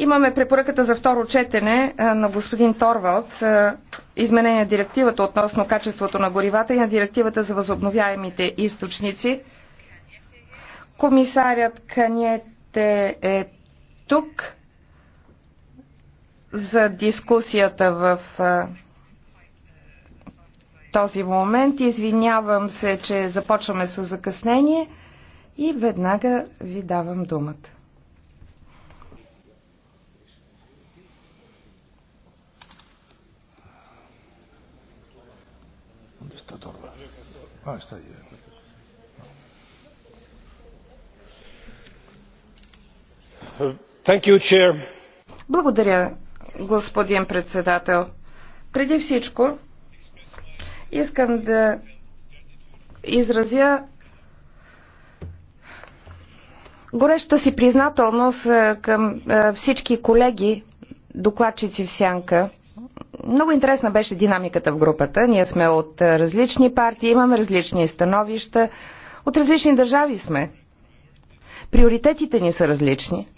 Имаме препоръката за второ четене на господин Торвалд изменение на директивата относно качеството на горивата и на директивата за възобновяемите източници. Комисарят Каниете е тук за дискусията в този момент. Извинявам се, че започваме с закъснение и веднага ви давам думата. Ah, está ahí. Thank you, chair. Благодаря, господин председател. Преди всичко, искам да изразя гореща си признателност към всички колеги, докладчици в Сянка, много интересна беше динамиката в групата. Ние сме от е, различни партии, имаме различни становища, от различни държави сме. Приоритетите ни са различни.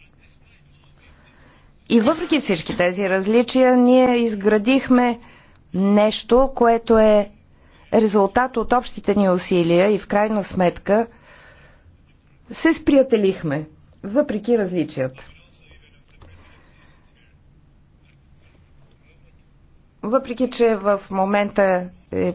И въпреки всички тези различия, ние изградихме нещо, което е резултат от общите ни усилия и в крайна сметка се сприятелихме, въпреки различията. Въпреки, че в момента е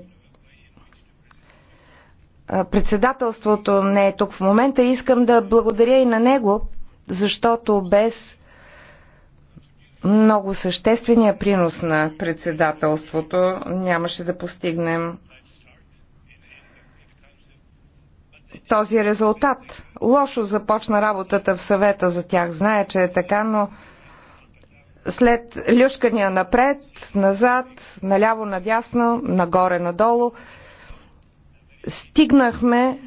председателството не е тук в момента, искам да благодаря и на него, защото без много съществения принос на председателството нямаше да постигнем този резултат. Лошо започна работата в съвета за тях, знае, че е така, но след люшкания напред, назад, наляво, надясно, нагоре, надолу, стигнахме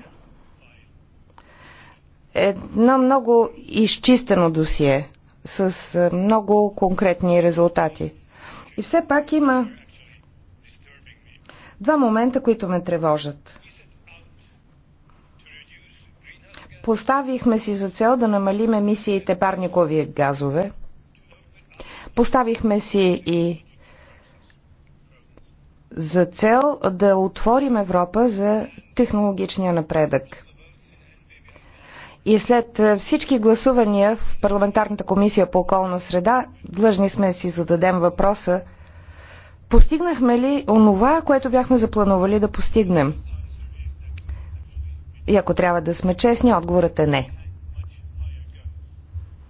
едно много изчистено досие с е, много конкретни резултати. И все пак има два момента, които ме тревожат. Поставихме си за цел да намалим емисиите парникови газове – Поставихме си и за цел да отворим Европа за технологичния напредък. И след е, всички гласувания в Парламентарната комисия по околна среда, длъжни сме да си зададем въпроса, постигнахме ли онова, което бяхме запланували да постигнем? И ако трябва да сме честни, отговорът е не.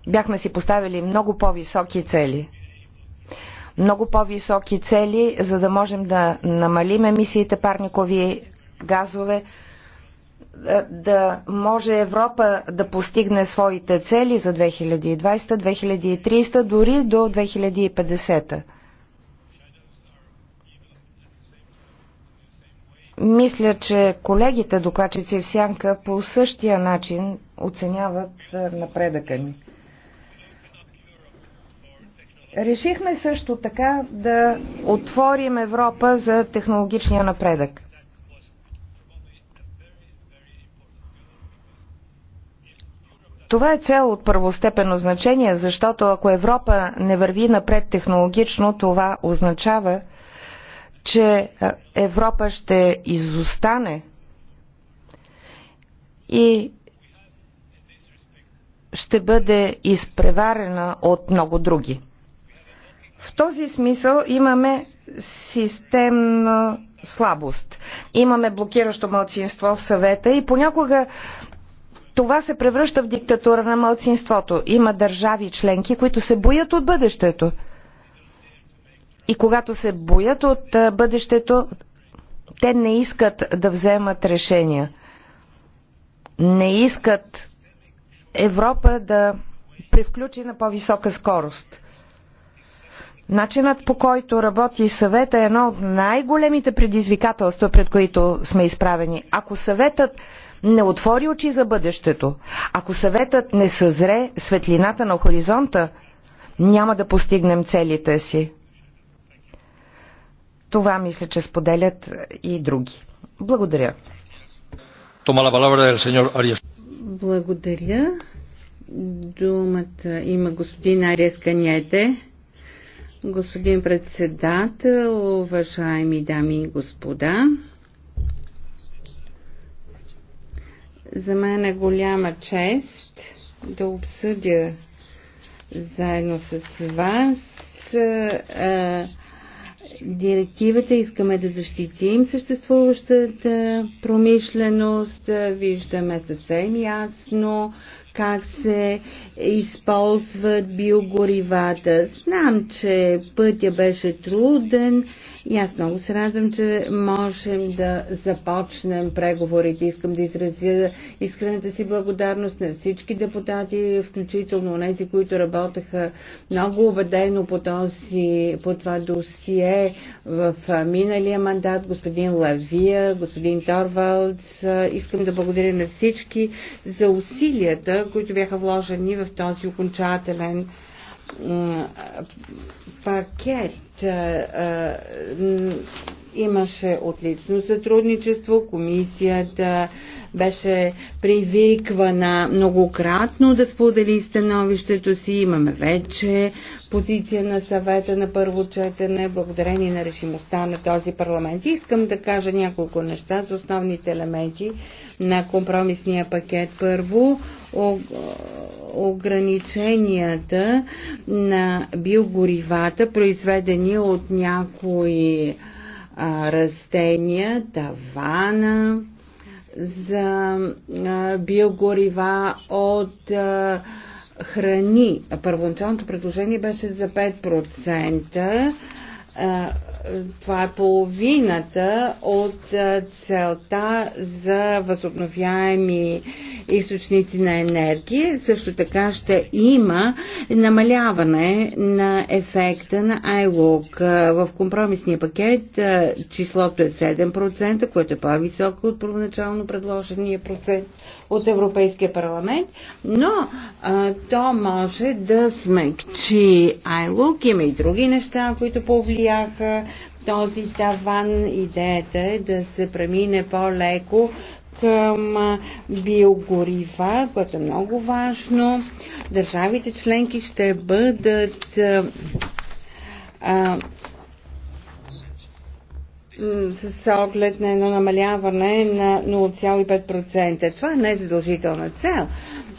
Бяхме си поставили много по-високи цели – много по-високи цели, за да можем да намалим емисиите парникови газове, е, да може Европа да постигне своите цели за 2020, 2030, дори до 2050. Мисля, че колегите докладчици в Сянка по същия начин оценяват е, напредъка ни. Решихме също така да отворим Европа за технологичния напредък. Това е цел от първостепенно значение, защото ако Европа не върви напред технологично, това означава, че Европа ще изостане и ще бъде изпреварена от много други. В този смисъл имаме системна слабост. Имаме блокиращо мълцинство в съвета и понякога това се превръща в диктатура на мълцинството. Има държави членки, които се боят от бъдещето. И когато се боят от бъдещето, те не искат да вземат решения. Не искат Европа да превключи на по-висока скорост. Начинът по който работи съвета е едно от най-големите предизвикателства, пред които сме изправени. Ако съветът не отвори очи за бъдещето, ако съветът не съзре светлината на хоризонта, няма да постигнем целите си. Това мисля, че споделят и други. Благодаря. Благодаря. Думата има господин Ариес Каняте. Господин председател, уважаеми дами и господа, за мен е голяма чест да обсъдя заедно с вас е, директивата искаме да защитим съществуващата промишленост. Виждаме съвсем ясно как се използват биогоривата. Знам, че пътя беше труден и аз много се радвам, че можем да започнем преговорите. Искам да изразя искрената си благодарност на всички депутати, включително тези, които работеха много убедено по, този, по това досие в миналия мандат, господин Лавия, господин Торвалдс. Искам да благодаря на всички за усилията, които бяха вложени в този окончателен пакет. Имаше отлично сътрудничество, комисията беше привиквана многократно да сподели становището си. Имаме вече позиция на съвета на първо четене, благодарение на решимостта на този парламент. Искам да кажа няколко неща за основните елементи на компромисния пакет. Първо, ограниченията на биогоривата, произведени от някои растения, тавана за биогорива от храни. Първоначалното предложение беше за 5% това е половината от целта за възобновяеми източници на енергия. Също така ще има намаляване на ефекта на ILOG. В компромисния пакет числото е 7%, което е по-високо от първоначално предложения процент от Европейския парламент, но а, то може да смекчи Айлук. Има и други неща, които повлияха този таван. Идеята е да се премине по-леко към биогорива, което е много важно. Държавите членки ще бъдат а, с оглед на едно намаляване на 0,5%. Това не е задължителна цел,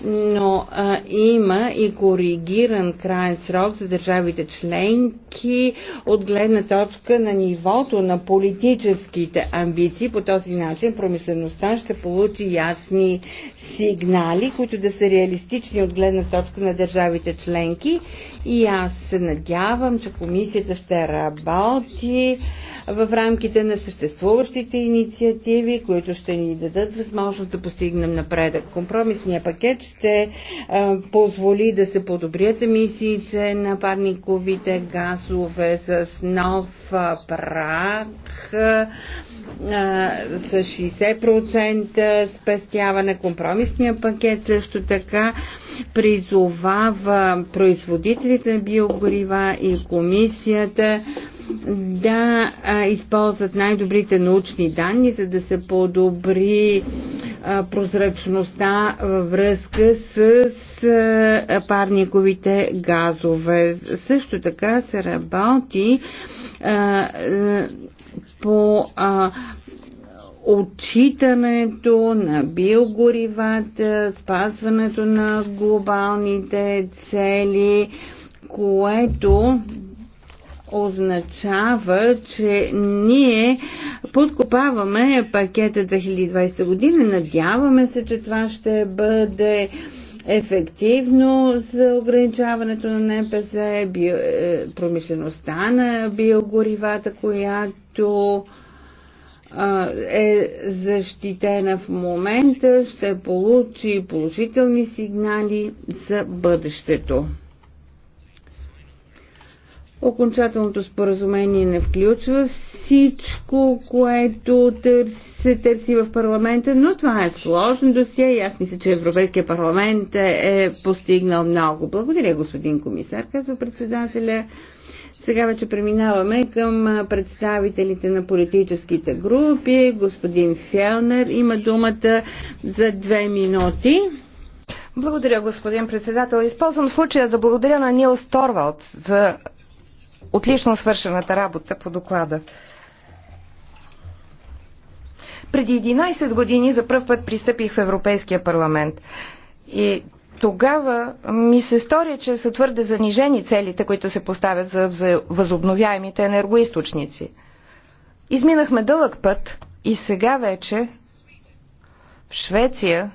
но а, има и коригиран крайен срок за държавите членки от гледна точка на нивото на политическите амбиции. По този начин промислеността ще получи ясни сигнали, които да са реалистични от гледна точка на държавите членки. И аз се надявам, че комисията ще работи в рамките на съществуващите инициативи, които ще ни дадат възможност да постигнем напредък. Компромисния пакет ще е, позволи да се подобрят емисиите на парниковите газове с нов е, прак с 60% спестяване. Компромисния пакет също така призовава производителите на биогорива и комисията да а, използват най-добрите научни данни, за да се подобри а, прозрачността във връзка с а, парниковите газове. Също така се работи а, а, по а, отчитането на биогоривата, спазването на глобалните цели, което означава, че ние подкопаваме пакета 2020 година. Надяваме се, че това ще бъде ефективно за ограничаването на НПЗ, био, е, промишлеността на биогоривата, която е защитена в момента, ще получи положителни сигнали за бъдещето. Окончателното споразумение не включва всичко, което се търси в парламента, но това е сложно досие и аз мисля, че Европейския парламент е, е постигнал много. Благодаря, господин комисар, казва председателя. Сега вече преминаваме към представителите на политическите групи. Господин Фелнер има думата за две минути. Благодаря, господин председател. Използвам случая да благодаря на Нил Сторвалд за отлично свършената работа по доклада. Преди 11 години за първ път пристъпих в Европейския парламент. И тогава ми се стори, че са твърде занижени целите, които се поставят за възобновяемите енергоисточници. Изминахме дълъг път и сега вече в Швеция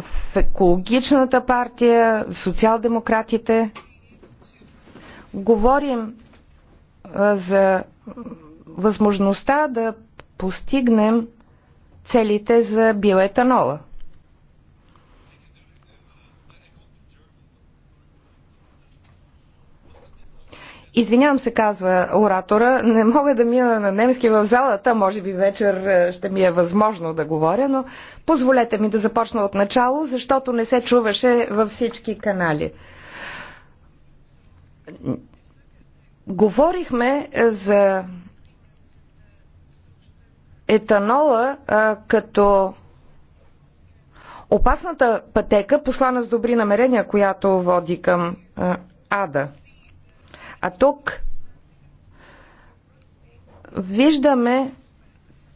в екологичната партия, социал-демократите говорим за възможността да постигнем целите за биоетанола. Извинявам се, казва оратора, не мога да мина на немски в залата, може би вечер ще ми е възможно да говоря, но позволете ми да започна от начало, защото не се чуваше във всички канали. Говорихме е, за етанола а, е, като опасната пътека, послана с добри намерения, която води към а, е, ада. А тук виждаме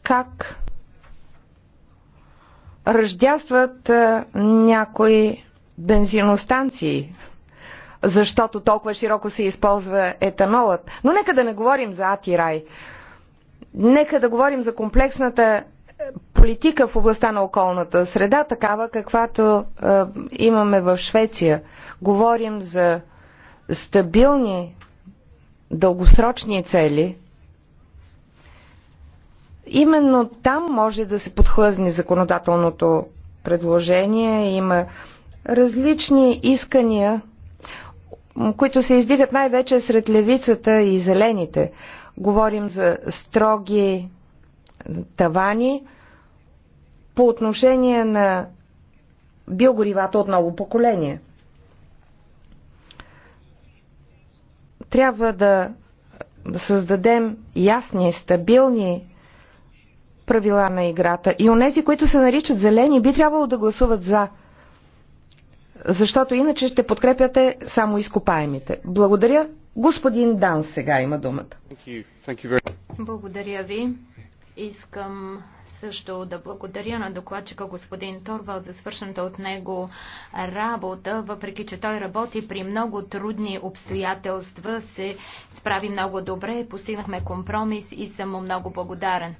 как ръждястват някои бензиностанции защото толкова широко се използва етанолът. Но нека да не говорим за ад и рай. Нека да говорим за комплексната е, политика в областта на околната среда, такава каквато е, имаме в Швеция. Говорим за стабилни, дългосрочни цели. Именно там може да се подхлъзне законодателното предложение. Има различни искания които се издигат най-вече сред левицата и зелените. Говорим за строги тавани по отношение на биогоривата от ново поколение. Трябва да създадем ясни, стабилни правила на играта и онези, които се наричат зелени, би трябвало да гласуват за – защото иначе ще подкрепяте само изкопаемите. Благодаря. Господин Дан сега има думата. Благодаря ви. Искам също да благодаря на докладчика господин Торвал за свършената от него работа, въпреки че той работи при много трудни обстоятелства, се справи много добре, постигнахме компромис и съм му много благодарен.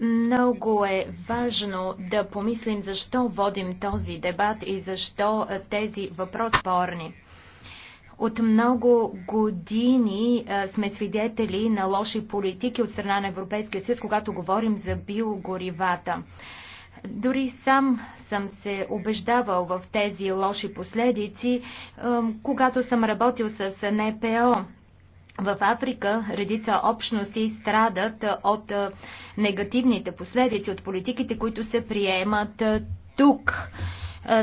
Много е важно да помислим защо водим този дебат и защо тези въпроси спорни. От много години сме свидетели на лоши политики от страна на Европейския съюз, когато говорим за биогоривата. Дори сам съм се убеждавал в тези лоши последици, когато съм работил с НПО. В Африка редица общности страдат е, от е, негативните последици от политиките, които се приемат е, тук.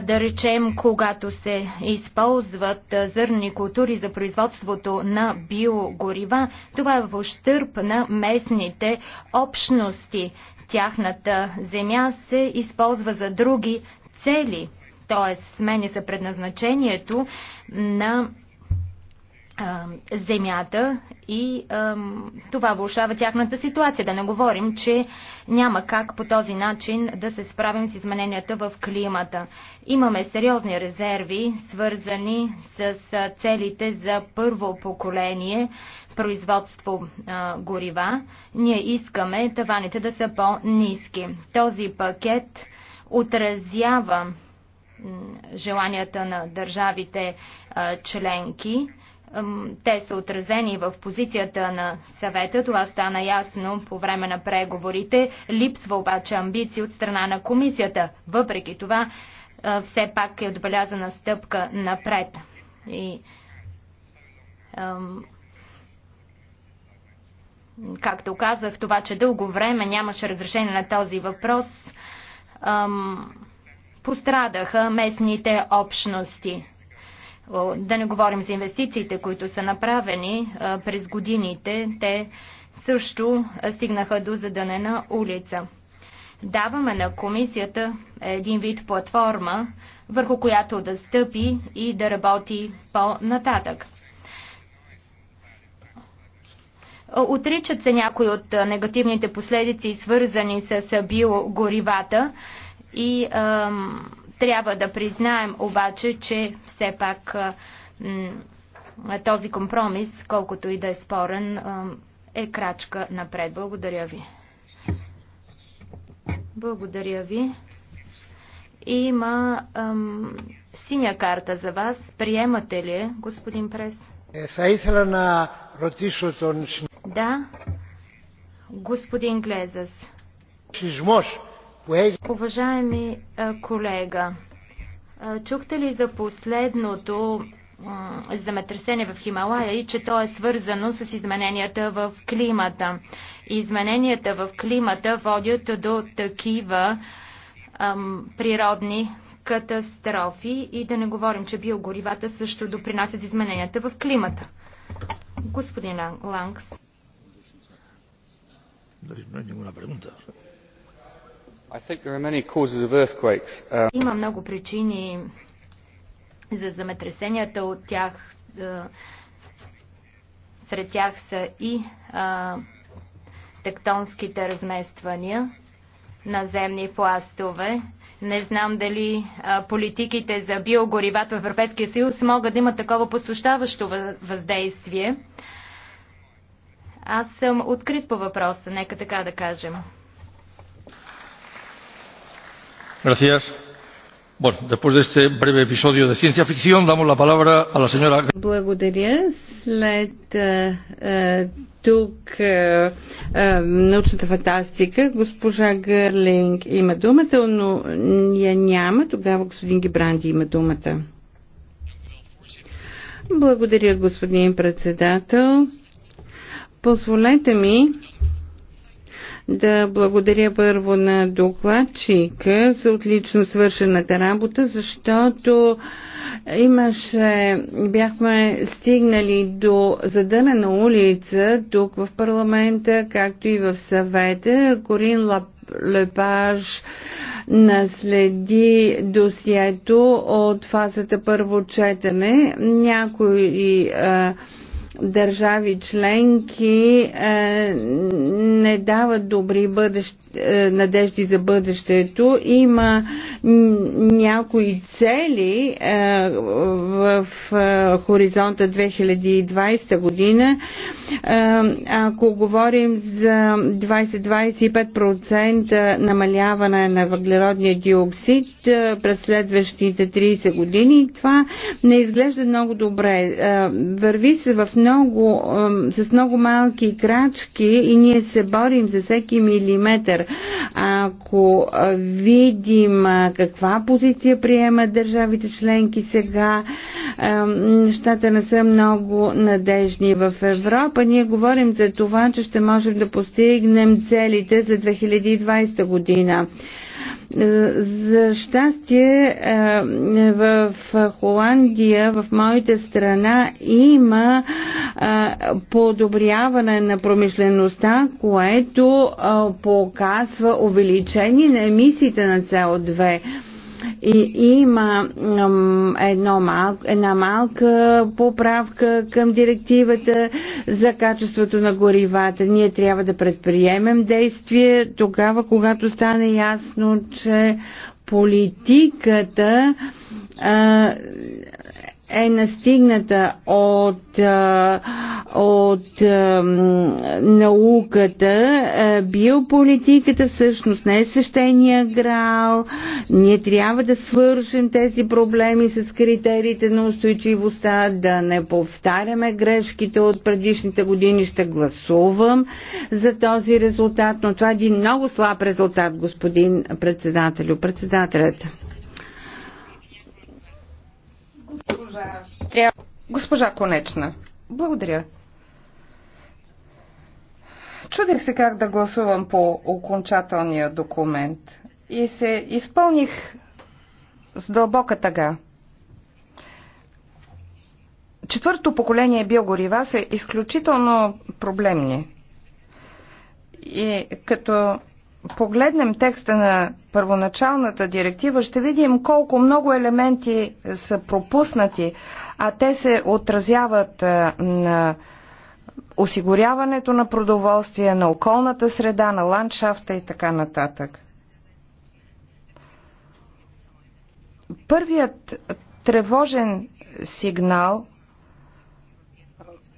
Да речем, когато се използват зърни култури за производството на биогорива, това е в ощърп на местните общности. Тяхната земя се използва за други цели, т.е. сменя се предназначението на земята и ам, това влушава тяхната ситуация. Да не говорим, че няма как по този начин да се справим с измененията в климата. Имаме сериозни резерви, свързани с целите за първо поколение производство а, горива. Ние искаме таваните да са по-низки. Този пакет отразява желанията на държавите а, членки те са отразени в позицията на съвета, това стана ясно по време на преговорите. Липсва обаче амбиции от страна на комисията. Въпреки това, все пак е отбелязана стъпка напред. И, както казах, това, че дълго време нямаше разрешение на този въпрос, пострадаха местните общности. Да не говорим за инвестициите, които са направени през годините. Те също стигнаха до задънена улица. Даваме на комисията един вид платформа, върху която да стъпи и да работи по-нататък. Отричат се някои от негативните последици, свързани с биогоривата и ам, трябва да признаем обаче, че все пак този компромис, колкото и да е спорен, е крачка напред. Благодаря ви. Благодаря ви. Има ам, синя карта за вас. Приемате ли, господин Прес? Е, да. Господин Глезас. Уважаеми колега, чухте ли за последното земетресение в Хималая и че то е свързано с измененията в климата? Измененията в климата водят до такива природни катастрофи и да не говорим, че биогоривата също допринасят измененията в климата. Господин Лангс. No, no hay ninguna Um, Има много причини за земетресенията от тях. Е, сред тях са и тектонските размествания на земни пластове. Не знам дали политиките за биогоривата в Европейския съюз могат да имат такова посущаващо въздействие. Аз съм открит по въпроса, нека така да кажем. Благодаря. След е, тук е, е, научната фантастика, госпожа Гърлинг има думата, но я няма. Тогава господин Гибранди има думата. Благодаря, господин председател. Позволете ми да благодаря първо на докладчика за отлично свършената работа, защото имаше, бяхме стигнали до задъна на улица, тук в парламента, както и в съвета. Корин Лап Лепаж наследи досието от фазата първо четене. Някои а, държави членки е, не дават добри бъдещ, е, надежди за бъдещето. Има някои цели е, в хоризонта 2020 година. ако говорим за 20-25% намаляване на въглеродния диоксид през следващите 30 години, това не изглежда много добре. върви се в много много, с много малки крачки и ние се борим за всеки милиметър. Ако видим каква позиция приемат държавите членки сега, нещата не са много надежни в Европа. Ние говорим за това, че ще можем да постигнем целите за 2020 година. За щастие е, в Холандия, в моята страна, има е, подобряване на промишлеността, което е, показва увеличение на емисиите на CO2. И има едно мал, една малка поправка към директивата за качеството на горивата. Ние трябва да предприемем действие тогава, когато стане ясно, че политиката а, е настигната от, от науката. Биополитиката всъщност не е свещения грал. Ние трябва да свържем тези проблеми с критериите на устойчивостта, да не повтаряме грешките от предишните години. Ще гласувам за този резултат, но това е един много слаб резултат, господин председателю. Председателят. трябва. Госпожа Конечна, благодаря. Чудих се как да гласувам по окончателния документ и се изпълних с дълбока тъга. Четвърто поколение биогорива са изключително проблемни. И като погледнем текста на първоначалната директива, ще видим колко много елементи са пропуснати, а те се отразяват е, на осигуряването на продоволствие, на околната среда, на ландшафта и така нататък. Първият тревожен сигнал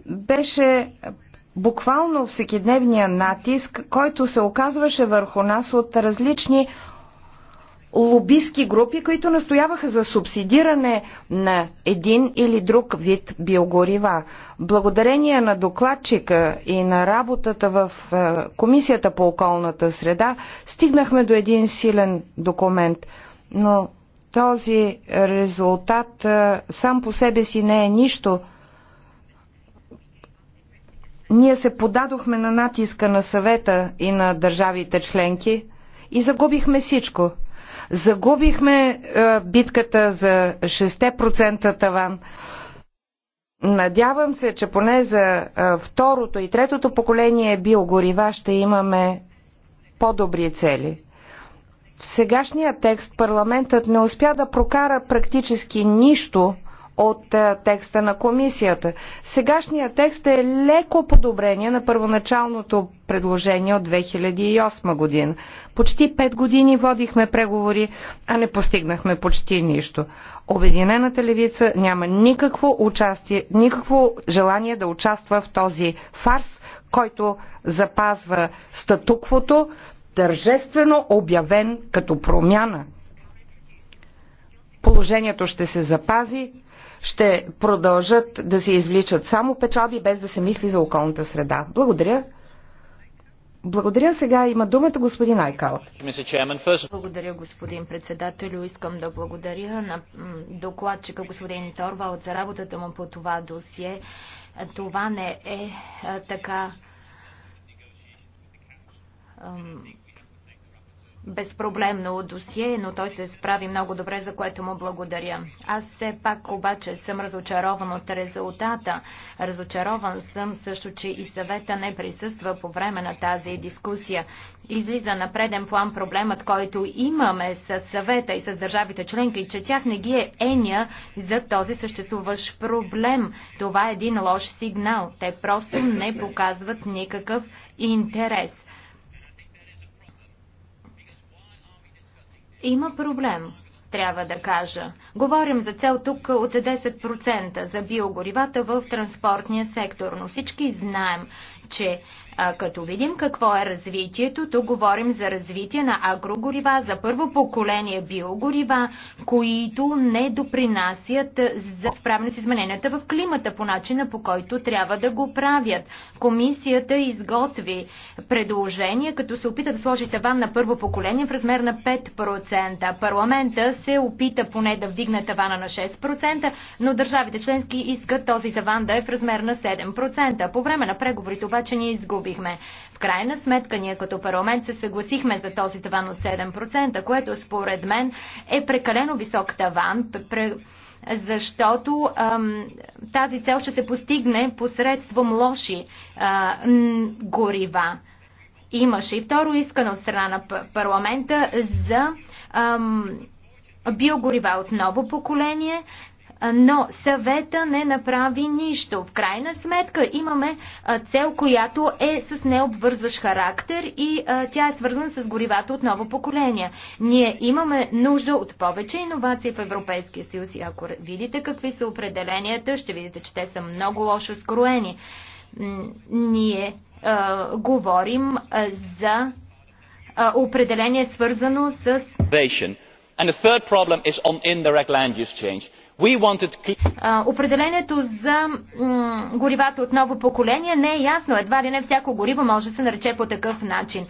беше буквално всекидневния натиск, който се оказваше върху нас от различни лобистки групи, които настояваха за субсидиране на един или друг вид биогорива. Благодарение на докладчика и на работата в е, Комисията по околната среда стигнахме до един силен документ. Но този резултат е, сам по себе си не е нищо. Ние се подадохме на натиска на съвета и на държавите членки и загубихме всичко – Загубихме е, битката за 6% таван. Надявам се, че поне за е, второто и третото поколение биогорива ще имаме по-добри цели. В сегашния текст парламентът не успя да прокара практически нищо от е, текста на комисията. Сегашният текст е леко подобрение на първоначалното предложение от 2008 година. Почти 5 години водихме преговори, а не постигнахме почти нищо. Обединената левица няма никакво участие, никакво желание да участва в този фарс, който запазва статуквото, тържествено обявен като промяна. Положението ще се запази, ще продължат да се извличат само печалби, без да се мисли за околната среда. Благодаря. Благодаря. Сега има думата господин Айкал. Благодаря, господин председателю. Искам да благодаря на докладчика господин Торвал за работата му по това досие. Това не е така безпроблемно досие, но той се справи много добре, за което му благодаря. Аз все пак обаче съм разочарован от резултата. Разочарован съм също, че и съвета не присъства по време на тази дискусия. Излиза на преден план проблемът, който имаме с съвета и с държавите членки, че тях не ги е еня за този съществуващ проблем. Това е един лош сигнал. Те просто не показват никакъв интерес. Има проблем, трябва да кажа. Говорим за цел тук от 10% за биогоривата в транспортния сектор, но всички знаем, че а, като видим какво е развитието, то говорим за развитие на агрогорива, за първо поколение биогорива, които не допринасят за справяне с измененията в климата по начина по който трябва да го правят. Комисията изготви предложение, като се опита да сложи таван на първо поколение в размер на 5%. Парламента се опита поне да вдигне тавана на 6%, но държавите членски искат този таван да е в размер на 7%. По време на преговорите обаче ние изгубихме. В крайна сметка ние като парламент се съгласихме за този таван от 7%, което според мен е прекалено висок таван, защото ам, тази цел ще се постигне посредством лоши горива. Имаше и второ искане от страна на парламента за ам, биогорива от ново поколение, но съвета не направи нищо. В крайна сметка имаме цел, която е с необвързващ характер и тя е свързана с горивата от ново поколение. Ние имаме нужда от повече иновации в Европейския съюз и ако видите какви са определенията, ще видите, че те са много лошо скроени. Ние а, говорим а, за а, определение свързано с... And the third problem is on indirect land use change определението за горивата от ново поколение не е ясно. Едва ли не всяко гориво може да се нарече по такъв начин.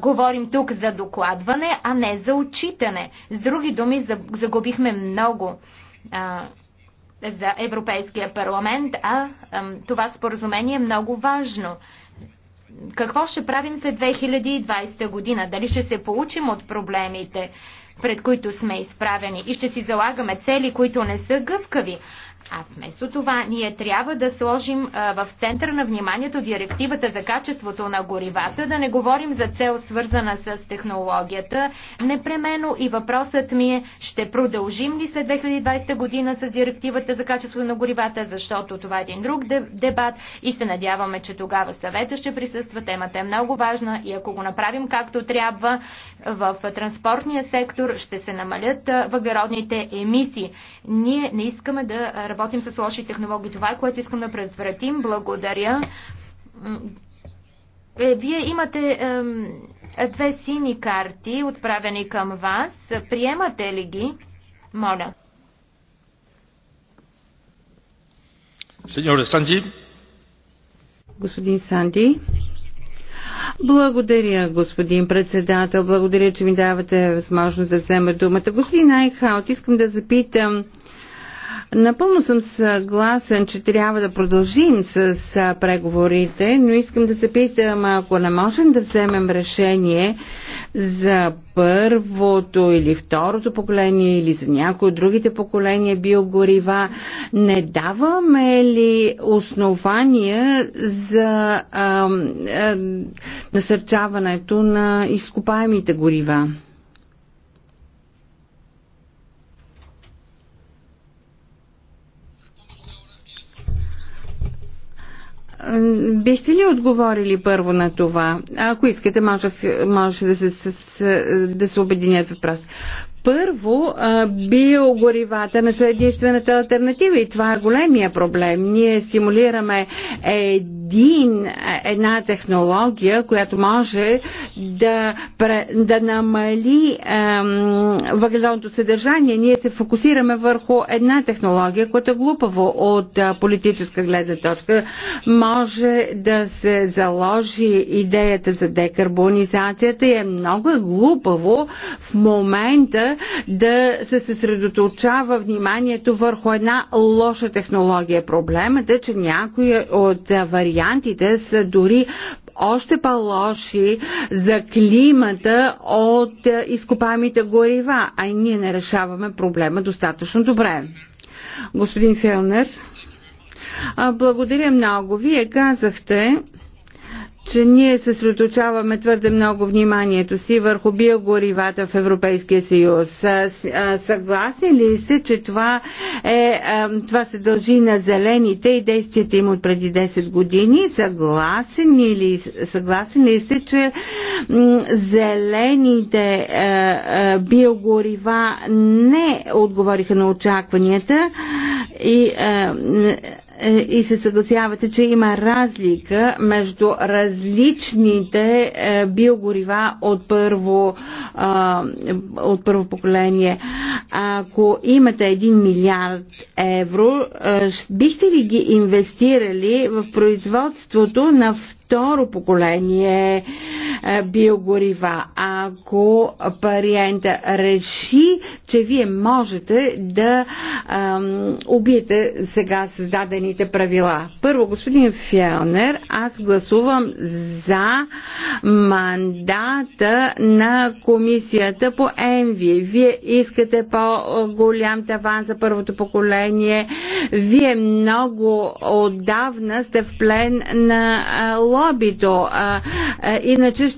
говорим тук за докладване, а не за отчитане. С други думи, загубихме много за Европейския парламент, а това споразумение е много важно какво ще правим след 2020 година? Дали ще се получим от проблемите? пред които сме изправени и ще си залагаме цели, които не са гъвкави. А вместо това ние трябва да сложим а, в центъра на вниманието директивата за качеството на горивата, да не говорим за цел свързана с технологията. Непременно и въпросът ми е, ще продължим ли след 2020 година с директивата за качеството на горивата, защото това е един друг дебат и се надяваме, че тогава съвета ще присъства. Темата е много важна и ако го направим както трябва в транспортния сектор, ще се намалят въглеродните емисии. Ние не искаме да работим работим с лоши технологии. Това е което искам да предотвратим. Благодаря. Е, вие имате две сини карти, отправени към вас. Приемате ли ги? Моля. Сеньор Санди, Господин Санди. Благодаря, господин председател. Благодаря, че ми давате възможност да взема думата. Господин Айхаут, искам да запитам Напълно съм съгласен, че трябва да продължим с преговорите, но искам да се питам, ако не можем да вземем решение за първото или второто поколение или за някои от другите поколения биогорива, не даваме ли основания за а, а, насърчаването на изкопаемите горива? Бихте ли отговорили първо на това? Ако искате, може, може да, се, да се обединят въпрос. Първо, биогоривата не са единствената альтернатива и това е големия проблем. Ние стимулираме един, една технология, която може да, да намали ем, въглеродното съдържание. Ние се фокусираме върху една технология, която е глупаво от политическа гледна точка. Може да се заложи идеята за декарбонизацията и е много глупаво в момента да се съсредоточава вниманието върху една лоша технология. Проблемът е, че някои от варианти вариантите са дори още по-лоши за климата от е, изкопаемите горива, а и ние не решаваме проблема достатъчно добре. Господин Фелнер, благодаря много. Вие казахте, че ние съсредоточаваме твърде много вниманието си върху биогоривата в Европейския съюз. Съгласни ли сте, че това, е, това се дължи на зелените и действията им от преди 10 години? Съгласни ли, съгласен ли сте, че зелените биогорива не отговориха на очакванията и е, и се съгласявате, че има разлика между различните е, биогорива от първо, от първо поколение. Ако имате 1 милиард евро, е, бихте ли ги инвестирали в производството на второ поколение е, биогорива. Ако париента реши, че вие можете да ам, убиете сега създадените правила. Първо, господин Фелнер, аз гласувам за мандата на комисията по ЕНВИ. Вие искате по-голям таван за първото поколение. Вие много отдавна сте в плен на лобито лобито. А, а, иначе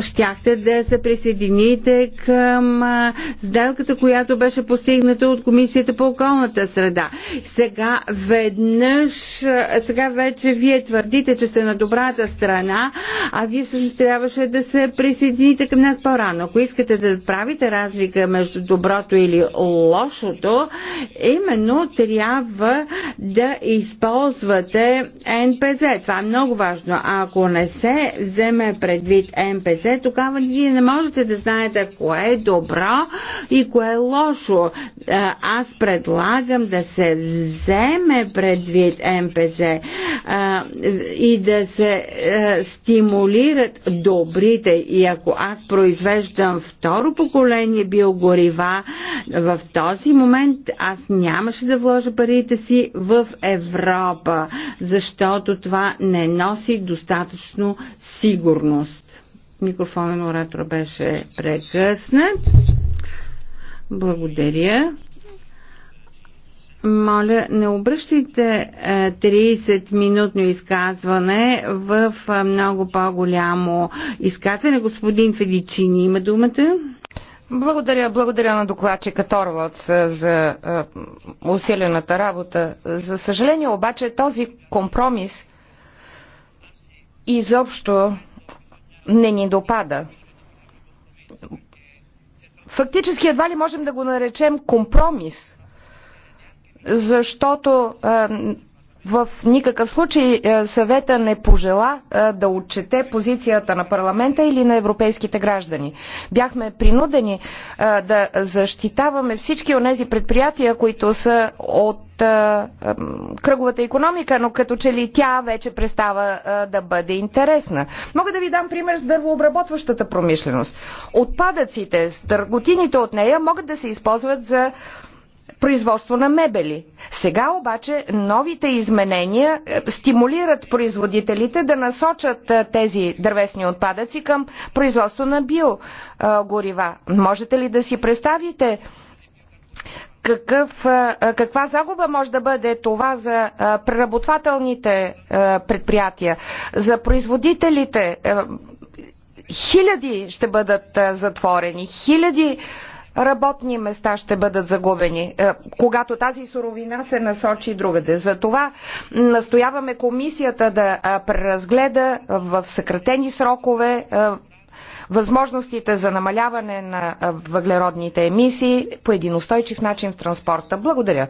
щяхте да се присъедините към а, сделката, която беше постигната от Комисията по околната среда. Сега веднъж, а, сега вече вие твърдите, че сте на добрата страна, а вие всъщност трябваше да се присъедините към нас по-рано. Ако искате да правите разлика между доброто или лошото, именно трябва да използвате НПЗ. Това е много важно ако не се вземе предвид МПС, тогава вие не можете да знаете кое е добро и кое е лошо. Е, аз предлагам да се вземе предвид МПС е, и да се е, стимулират добрите. И ако аз произвеждам второ поколение биогорива, в този момент аз нямаше да вложа парите си в Европа, защото това не носи достатъчно достатъчно сигурност. Микрофонът на оратора беше прекъснат. Благодаря. Моля, не обръщайте 30-минутно е, изказване в е, много по-голямо изказване. Господин Федичини има думата. Благодаря, благодаря на докладчика Торлац е, за усилената работа. За съжаление обаче този компромис изобщо не ни допада. Фактически едва ли можем да го наречем компромис, защото в никакъв случай е, съвета не пожела е, да отчете позицията на парламента или на европейските граждани. Бяхме принудени е, да защитаваме всички от тези предприятия, които са от кръговата економика, но като че ли тя вече престава да бъде интересна. Мога да ви дам пример с дървообработващата промишленост. Отпадъците, с търготините от нея могат да се използват за производство на мебели. Сега обаче новите изменения е, стимулират производителите да насочат е, тези дървесни отпадъци към производство на биогорива. Е, Можете ли да си представите какъв, каква загуба може да бъде това за преработвателните предприятия, за производителите? Хиляди ще бъдат затворени, хиляди работни места ще бъдат загубени, е, когато тази суровина се насочи другаде. Затова настояваме комисията да е, преразгледа в съкратени срокове е, възможностите за намаляване на въглеродните емисии по един устойчив начин в транспорта. Благодаря.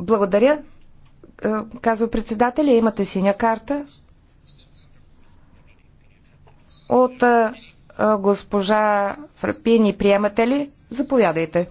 Благодаря, казва председателя. Имате синя карта от Госпожа Фрапини, приемате ли? Заповядайте.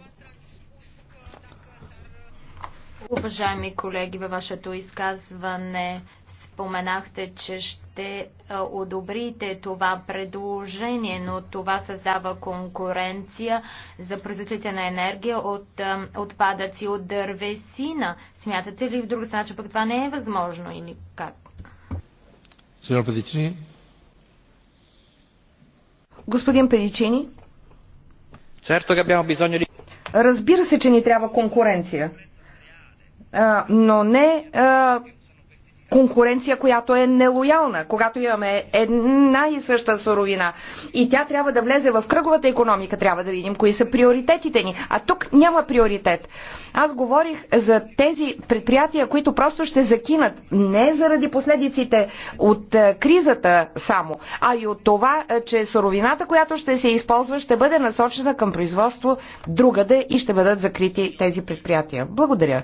Уважаеми колеги, във вашето изказване споменахте, че ще одобрите това предложение, но това създава конкуренция за производителите на енергия от отпадъци от дървесина. Смятате ли в друга страна, че пък това не е възможно или как? Господин Педичини. Certo che di... Разбира се, че ни трябва конкуренция, А, но не а, конкуренция, която е нелоялна, когато имаме една и съща суровина и тя трябва да влезе в кръговата економика, трябва да видим кои са приоритетите ни. А тук няма приоритет. Аз говорих за тези предприятия, които просто ще закинат не заради последиците от е, кризата само, а и от това, е, че суровината, която ще се използва, ще бъде насочена към производство другаде и ще бъдат закрити тези предприятия. Благодаря.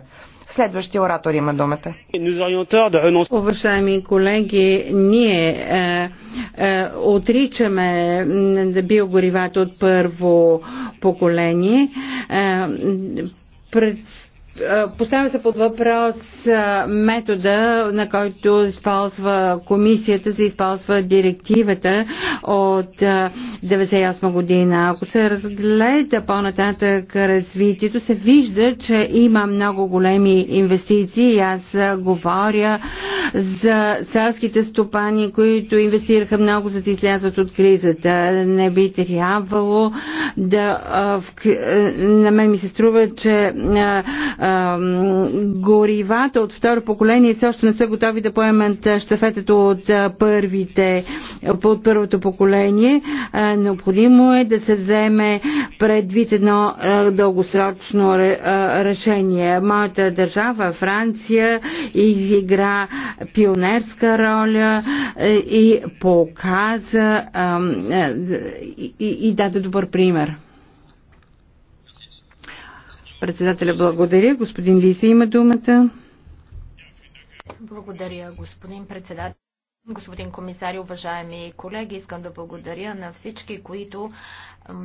Следващия оратор има думата. Уважаеми колеги, ние е, е, отричаме биогоривата от първо поколение. Е, пред Поставя се под въпрос метода, на който използва комисията за използва директивата от 1998 година. Ако се разгледа по-нататък развитието, се вижда, че има много големи инвестиции. Аз говоря за царските стопани, които инвестираха много за да излязат от кризата. Не би трябвало да... На мен ми се струва, че горивата от второ поколение все още не са готови да поемат щафетата от, първите, от първото поколение. Необходимо е да се вземе предвид едно дългосрочно решение. Моята държава, Франция, изигра пионерска роля и показа и, и даде добър пример. Председателя благодаря. Господин Лиза има думата. Благодаря, господин председател. Господин комисар, уважаеми колеги, искам да благодаря на всички, които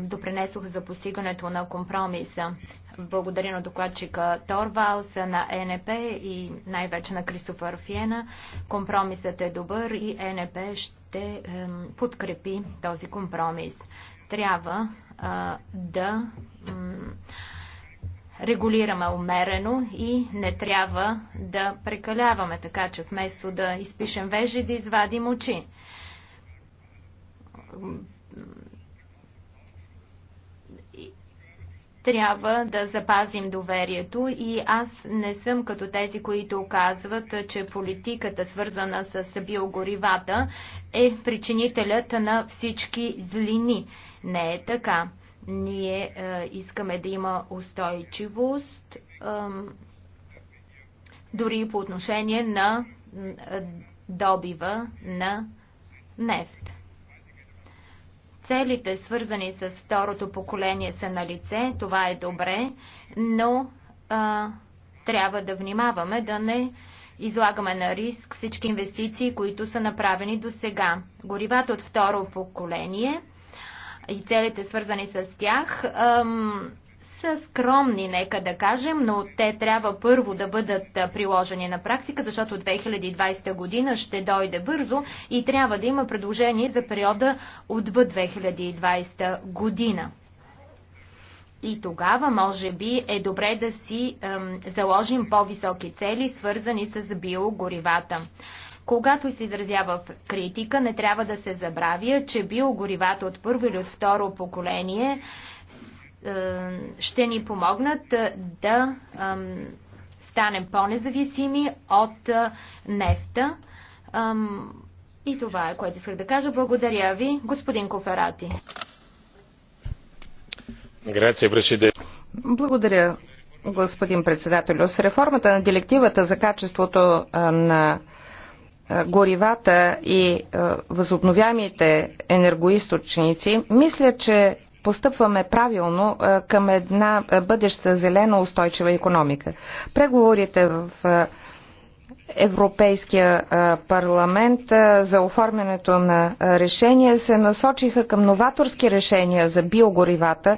допринесох за постигането на компромиса. Благодаря на докладчика Торвалс, на ЕНП и най-вече на Кристофър Фиена. Компромисът е добър и ЕНП ще подкрепи този компромис. Трябва да регулираме умерено и не трябва да прекаляваме, така че вместо да изпишем вежи, да извадим очи. Трябва да запазим доверието и аз не съм като тези, които оказват, че политиката, свързана с биогоривата, е причинителят на всички злини. Не е така. Ние е, искаме да има устойчивост, е, дори по отношение на е, добива на нефт. Целите, свързани с второто поколение, са на лице. Това е добре, но а, трябва да внимаваме да не излагаме на риск всички инвестиции, които са направени до сега. Горивата от второ поколение – и целите свързани с тях са скромни, нека да кажем, но те трябва първо да бъдат приложени на практика, защото 2020 година ще дойде бързо и трябва да има предложение за периода от 2020 година. И тогава, може би, е добре да си ем, заложим по-високи цели, свързани с биогоривата. Когато се изразява критика, не трябва да се забравя, че биогоривата от първо или от второ поколение е, ще ни помогнат е, да станем по-независими от е, нефта. И това е, което исках да кажа. Благодаря ви, господин Коферати. Благодаря, господин председател. С реформата на директивата за качеството на горивата и възобновяемите енергоисточници, мисля, че постъпваме правилно към една бъдеща зелена устойчива економика. Преговорите в Европейския парламент за оформянето на решения се насочиха към новаторски решения за биогоривата,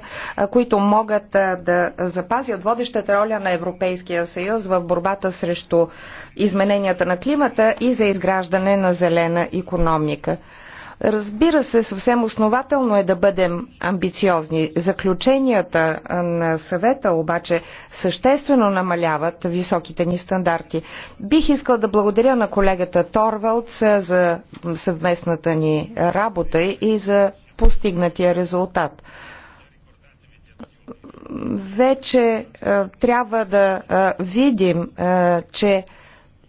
които могат да запазят водещата роля на Европейския съюз в борбата срещу измененията на климата и за изграждане на зелена економика. Разбира се, съвсем основателно е да бъдем амбициозни. Заключенията на съвета обаче съществено намаляват високите ни стандарти. Бих искал да благодаря на колегата Торвалц за съвместната ни работа и за постигнатия резултат. Вече трябва да видим, че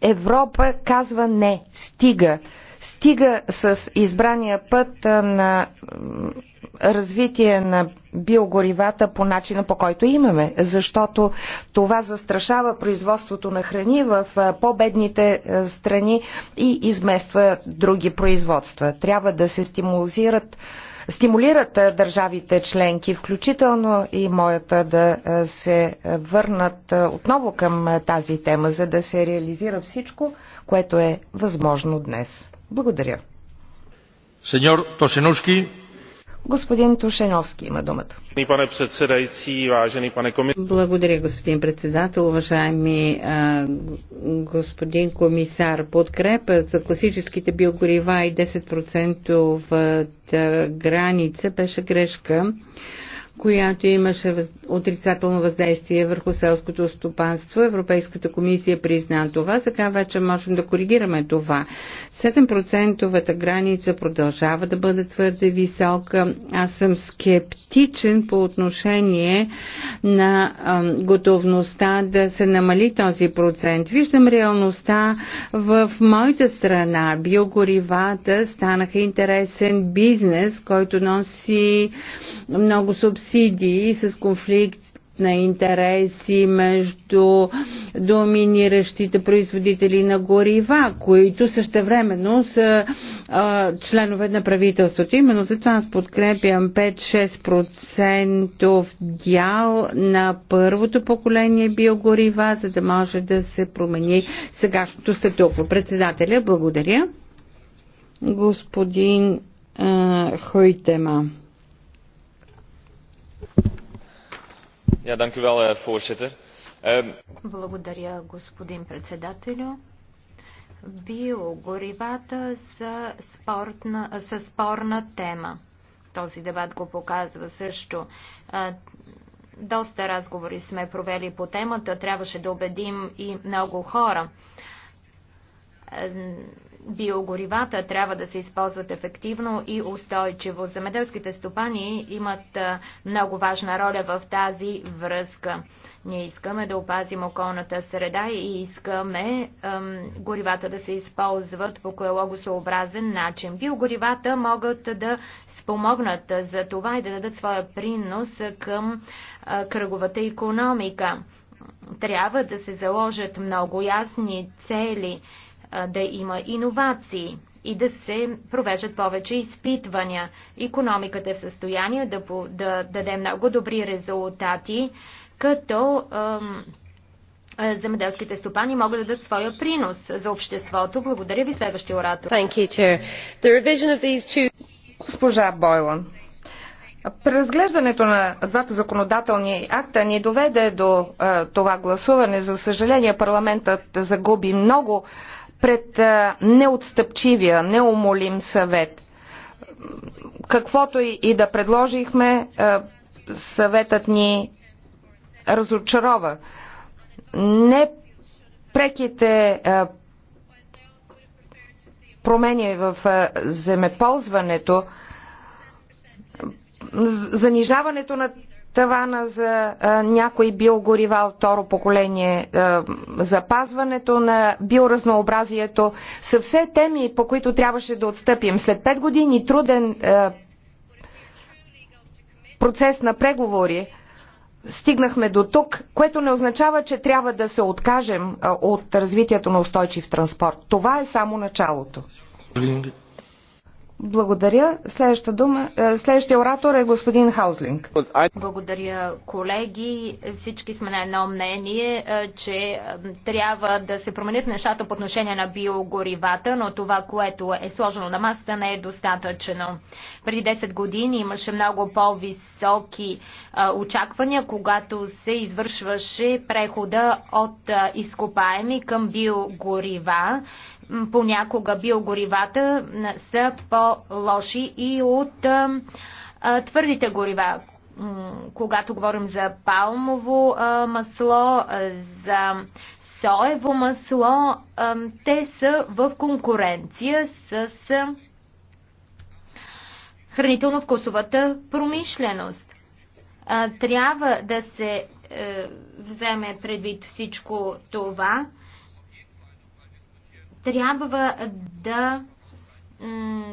Европа казва не, стига стига с избрания път на развитие на биогоривата по начина по който имаме, защото това застрашава производството на храни в по-бедните страни и измества други производства. Трябва да се стимулизират стимулират държавите членки, включително и моята, да се върнат отново към тази тема, за да се реализира всичко, което е възможно днес. Благодаря. Сеньор Тошеновски. Господин Тушеновски има думата. Ами, Благодаря, господин председател, уважаеми а, господин комисар. Подкрепа за класическите биогорива и 10% граница беше грешка която имаше отрицателно въздействие върху селското стопанство. Европейската комисия призна това, сега вече можем да коригираме това. 7 граница продължава да бъде твърде висока. Аз съм скептичен по отношение на готовността да се намали този процент. Виждам реалността в моята страна. Биогоривата станаха интересен бизнес, който носи много субсидии с конфликт на интереси между доминиращите производители на горива, които същевременно са а, членове на правителството. Именно затова аз подкрепям 5-6% дял на първото поколение биогорива, за да може да се промени сегашното статукво. Председателя, благодаря. Господин а, Хойтема. Eh, ehm, Благодаря, господин председателю. Биогоривата са, спортна, са спорна тема. Този дебат го показва също. Доста разговори сме провели по темата. Трябваше да убедим и много хора Биогоривата трябва да се използват ефективно и устойчиво. Земеделските стопани имат много важна роля в тази връзка. Ние искаме да опазим околната среда и искаме ем, горивата да се използват по екологосообразен начин. Биогоривата могат да спомогнат за това и да дадат своя принос към е, кръговата економика. Трябва да се заложат много ясни цели да има иновации и да се провеждат повече изпитвания. Економиката е в състояние да, да даде много добри резултати, като земеделските стопани могат да дадат своя принос за обществото. Благодаря ви, следващия оратор. You, two... Госпожа Бойлан, Преразглеждането на двата законодателни акта ни доведе до а, това гласуване. За съжаление, парламентът загуби много пред неотстъпчивия, неумолим съвет. Каквото и да предложихме, съветът ни разочарова. Не преките промени в земеползването, занижаването на тавана за някои биогорива от второ поколение, запазването на биоразнообразието, са все теми, по които трябваше да отстъпим. След пет години труден процес на преговори, стигнахме до тук, което не означава, че трябва да се откажем от развитието на устойчив транспорт. Това е само началото. Благодаря. Следващата дума, е, следващия оратор е господин Хаузлинг. Благодаря, колеги. Всички сме на едно мнение, е, че е, трябва да се променят нещата по отношение на биогоривата, но това, което е сложено на масата, не е достатъчно. Преди 10 години имаше много по-високи очаквания, когато се извършваше прехода от изкопаеми към биогорива понякога биогоривата са по-лоши и от твърдите горива. Когато говорим за палмово масло, за соево масло, те са в конкуренция с хранително-вкусовата промишленост. Трябва да се е, вземе предвид всичко това трябва да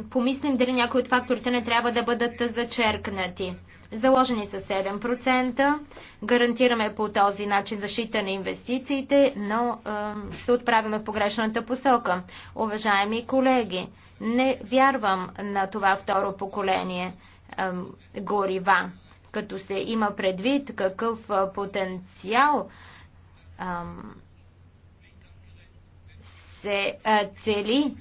помислим дали някои от факторите не трябва да бъдат зачеркнати. Заложени са 7%, гарантираме по този начин защита на инвестициите, но е, се отправяме в погрешната посока. Уважаеми колеги, не вярвам на това второ поколение е, горива, като се има предвид какъв потенциал е, се цели,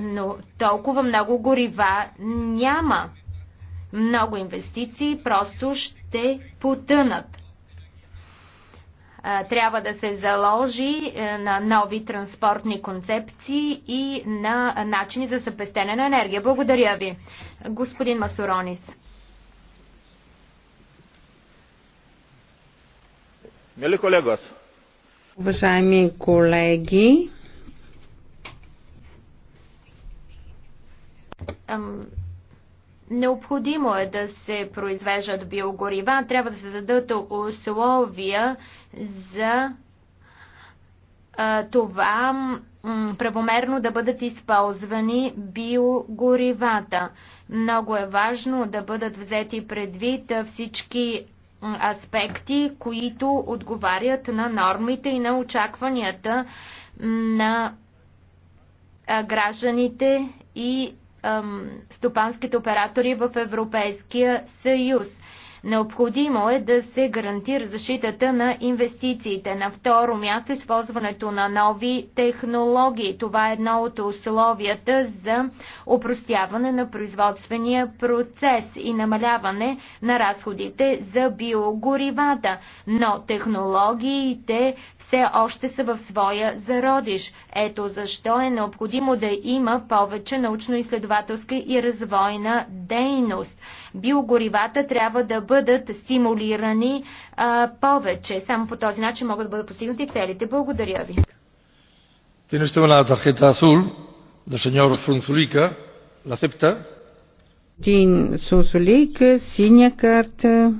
но толкова много горива няма. Много инвестиции просто ще потънат. Трябва да се заложи на нови транспортни концепции и на начини за съпестене на енергия. Благодаря ви, господин Масуронис. Мили колегос, Уважаеми колеги, Необходимо е да се произвеждат биогорива, трябва да се дадат условия за това правомерно да бъдат използвани биогоривата. Много е важно да бъдат взети предвид всички аспекти, които отговарят на нормите и на очакванията на гражданите и стопанските оператори в Европейския съюз. Необходимо е да се гарантира защитата на инвестициите. На второ място използването на нови технологии. Това е едно от условията за упростяване на производствения процес и намаляване на разходите за биогоривата. Но технологиите все още са в своя зародиш. Ето защо е необходимо да има повече научно-изследователска и развойна дейност. Биогоривата трябва да бъдат стимулирани а, повече. Само по този начин могат да бъдат постигнати целите. Благодаря ви. Tiene usted una tarjeta azul del señor Frunzulica. ¿La acepta? синя карта.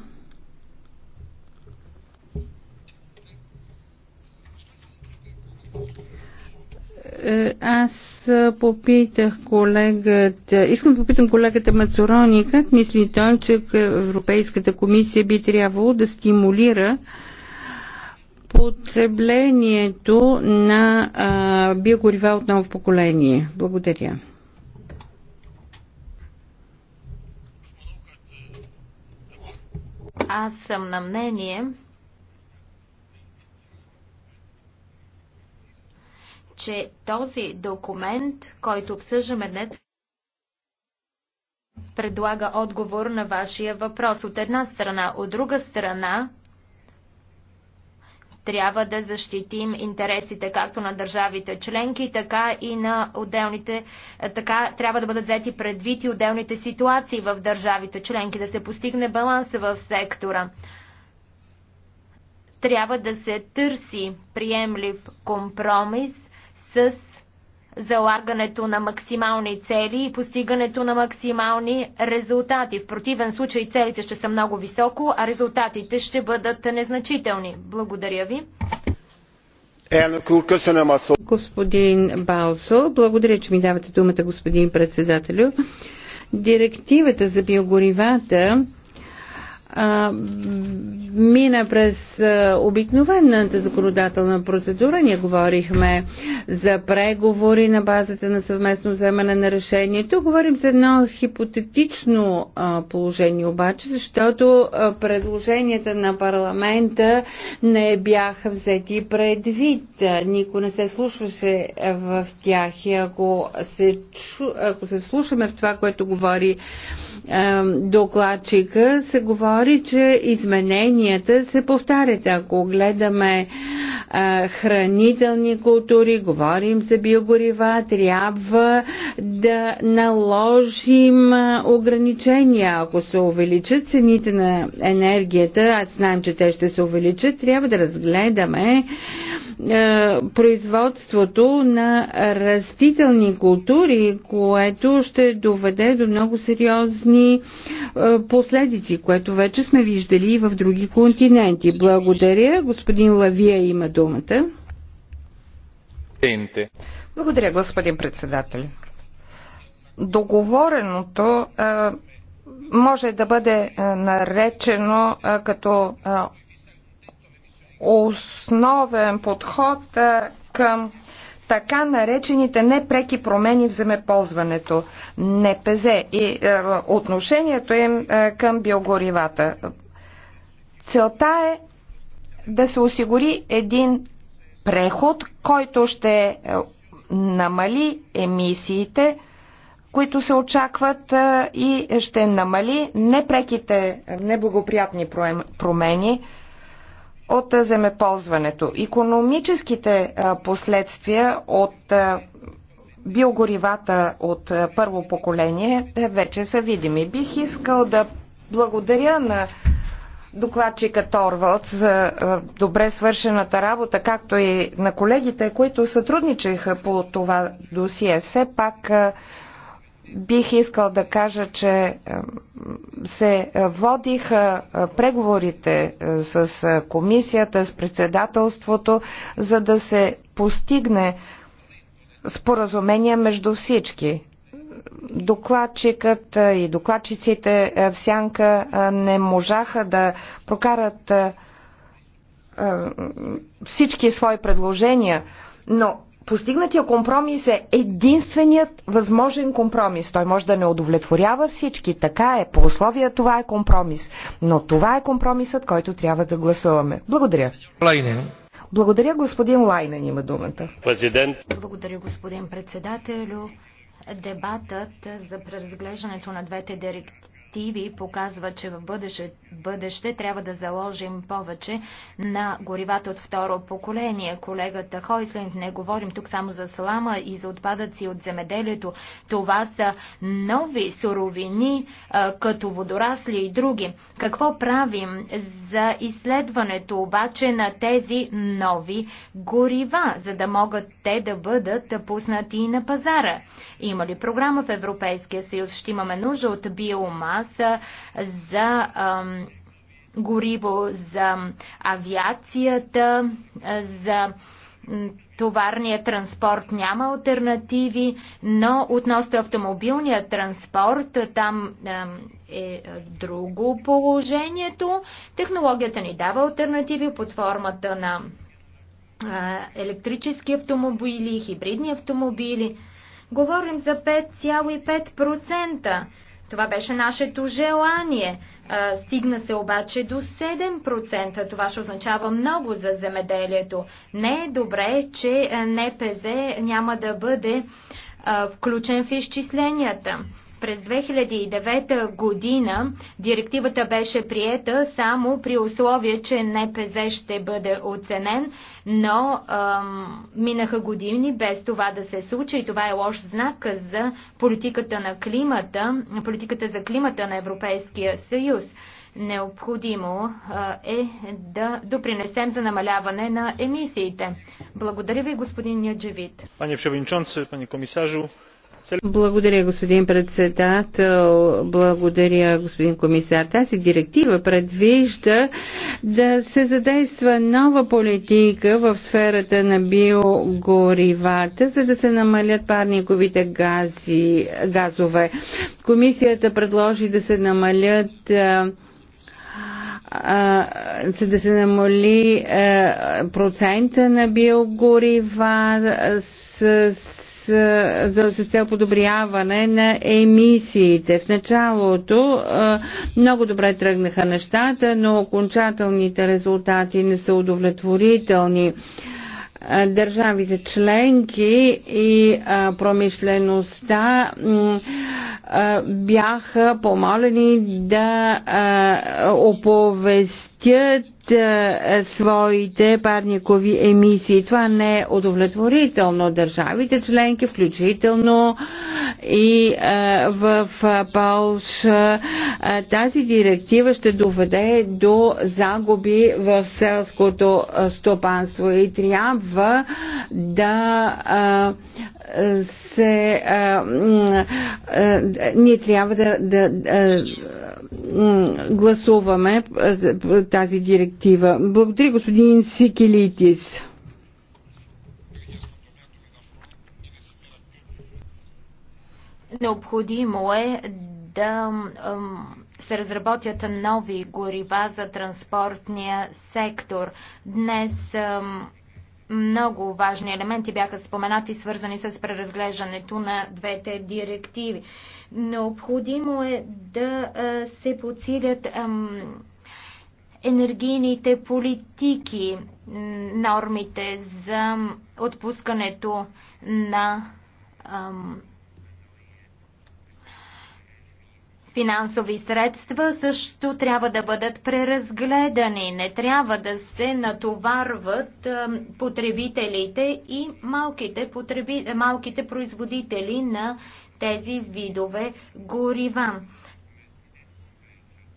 Е, аз е, попитах колегата, искам да попитам колегата Мацорони, как мисли той, че Европейската комисия би трябвало да стимулира потреблението на а, биогорива от ново поколение. Благодаря. Аз съм на мнение, че този документ, който обсъждаме днес, предлага отговор на вашия въпрос от една страна. От друга страна, трябва да защитим интересите както на държавите членки, така и на отделните, така трябва да бъдат взети предвид и отделните ситуации в държавите членки, да се постигне баланс в сектора. Трябва да се търси приемлив компромис с залагането на максимални цели и постигането на максимални резултати. В противен случай целите ще са много високо, а резултатите ще бъдат незначителни. Благодаря ви. Господин Балсо, благодаря, че ми давате думата, господин председателю. Директивата за биогоривата мина през обикновената законодателна процедура. Ние говорихме за преговори на базата на съвместно вземане на решение. Тук говорим за едно хипотетично положение обаче, защото предложенията на парламента не бяха взети предвид. Никой не се слушваше в тях и ако се, ако се вслушаме в това, което говори докладчика се говори, че измененията се повтарят. Ако гледаме хранителни култури, говорим за биогорива, трябва да наложим ограничения. Ако се увеличат цените на енергията, аз знаем, че те ще се увеличат, трябва да разгледаме е, производството на растителни култури, което ще доведе до много сериозни е, последици, което вече сме виждали и в други континенти. Благодаря. Господин Лавия има думата. Благодаря, господин председател. Договореното е, може да бъде наречено като основен подход към така наречените непреки промени в земеползването, НПЗ и отношението им към биогоривата. Целта е да се осигури един преход, който ще намали емисиите, които се очакват и ще намали непреките неблагоприятни промени, от земеползването. Икономическите последствия от биогоривата от първо поколение е, вече са видими. Бих искал да благодаря на докладчика Торвалд за добре свършената работа, както и на колегите, които сътрудничаха по това досие. Все пак бих искал да кажа, че се е, водиха е, преговорите е, с комисията, с председателството, за да се постигне споразумение между всички. Докладчикът и докладчиците в Сянка не можаха да прокарат всички свои предложения, но постигнатия компромис е единственият възможен компромис. Той може да не удовлетворява всички, така е, по условия това е компромис. Но това е компромисът, който трябва да гласуваме. Благодаря. Лайнен. Благодаря, господин Лайнен има думата. Президент. Благодаря, господин председателю. Дебатът за преразглеждането на двете директиви перспективи показва, че в бъдеще, бъдеще трябва да заложим повече на горивата от второ поколение. Колегата Хойсленд, не говорим тук само за слама и за отпадъци от земеделието. Това са нови суровини, като водорасли и други. Какво правим за изследването обаче на тези нови горива, за да могат те да бъдат пуснати и на пазара? Има ли програма в Европейския съюз? Ще имаме нужда от биомас са за гориво за авиацията, за товарния транспорт няма альтернативи, но относно автомобилния транспорт там е друго положението. Технологията ни дава альтернативи под формата на електрически автомобили, хибридни автомобили. Говорим за 5,5%. Това беше нашето желание. Стигна се обаче до 7%. Това ще означава много за земеделието. Не е добре, че НПЗ няма да бъде включен в изчисленията. През 2009 година директивата беше приета само при условие, че НПЗ ще бъде оценен, но ам, минаха години без това да се случи и това е лош знак за политиката на климата, политиката за климата на Европейския съюз. Необходимо а, е да допринесем за намаляване на емисиите. Благодаря ви, господин Яджевит. Пане Przewodniczący, пане комисажу, благодаря, господин председател. Благодаря, господин комисар. Тази директива предвижда да се задейства нова политика в сферата на биогоривата, за да се намалят парниковите гази, газове. Комисията предложи да се намалят за да се намали процента на биогорива с за, за, цел подобряване на емисиите. В началото много добре тръгнаха нещата, но окончателните резултати не са удовлетворителни държавите членки и промишлеността бяха помолени да оповести спестят а, своите парникови емисии. Това не е удовлетворително. Държавите членки, включително и а, в а, Полша, а, тази директива ще доведе до загуби в селското стопанство и трябва да а, се. А, а, ние трябва да. да а, гласуваме тази директива. Благодаря, господин Сикилитис. Необходимо е да се разработят нови горива за транспортния сектор. Днес много важни елементи бяха споменати, свързани с преразглеждането на двете директиви. Необходимо е да се подсилят енергийните политики, нормите за отпускането на финансови средства също трябва да бъдат преразгледани. Не трябва да се натоварват потребителите и малките, потреби... малките производители на тези видове горива.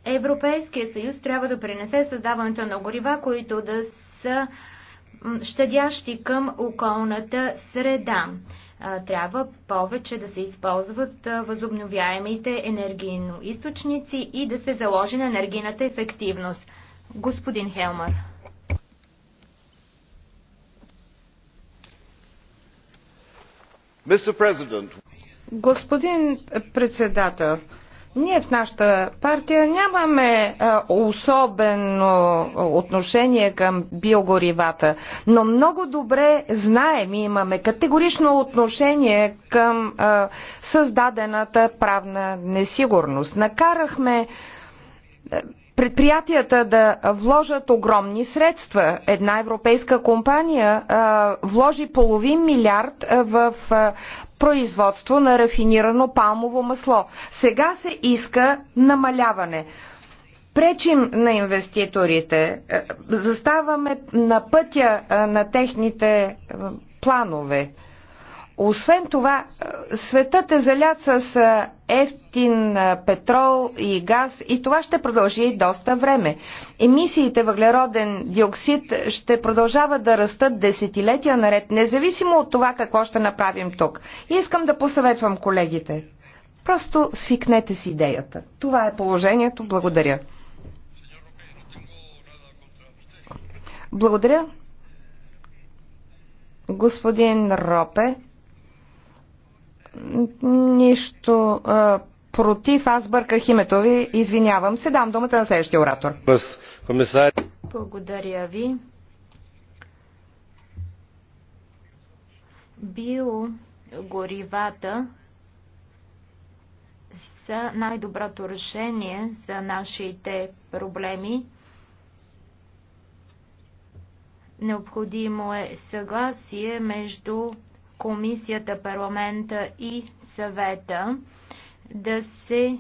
Европейския съюз трябва да принесе създаването на горива, които да са щадящи към околната среда. Трябва повече да се използват възобновяемите енергийно източници и да се заложи на енергийната ефективност. Господин Хелмър. Mr. President, Господин председател, ние в нашата партия нямаме а, особено отношение към биогоривата, но много добре знаем и имаме категорично отношение към а, създадената правна несигурност. Накарахме предприятията да вложат огромни средства. Една европейска компания а, вложи половин милиард в а, производство на рафинирано палмово масло. Сега се иска намаляване. Пречим на инвеститорите, е, заставаме на пътя е, на техните е, планове. Освен това, е, светът е залят с е, ефтин е, петрол и газ и това ще продължи доста време. Емисиите въглероден диоксид ще продължават да растат десетилетия наред, независимо от това какво ще направим тук. И искам да посъветвам колегите. Просто свикнете с идеята. Това е положението. Благодаря. Благодаря. Господин Ропе, Нищо а, против. Аз бърках името ви. Извинявам се. Дам думата на следващия оратор. Благодаря ви. Биогоривата са най-доброто решение за нашите проблеми. Необходимо е съгласие между комисията, парламента и съвета да се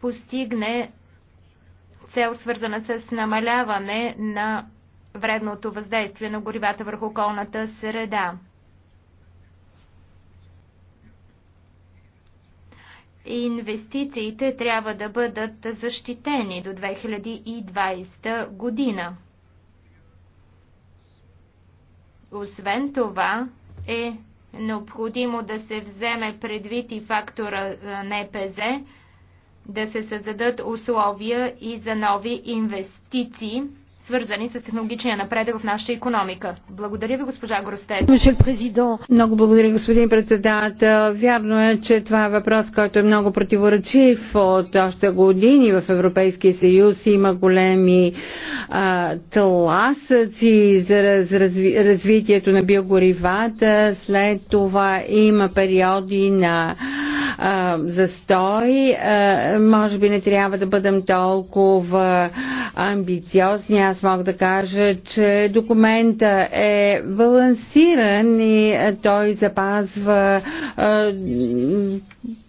постигне цел свързана с намаляване на вредното въздействие на горивата върху околната среда. Инвестициите трябва да бъдат защитени до 2020 година. Освен това е необходимо да се вземе предвид и фактора НПЗ, да се създадат условия и за нови инвестиции свързани с технологичния напредък в нашата економика. Благодаря ви, госпожа Гростет. Много благодаря, господин председател. Вярно е, че това е въпрос, който е много противоречив от още години в Европейския съюз. Има големи а, тласъци за раз, разви, развитието на биогоривата. След това има периоди на а, застой. А, може би не трябва да бъдем толкова амбициозни. Аз мога да кажа, че документа е балансиран и той запазва а,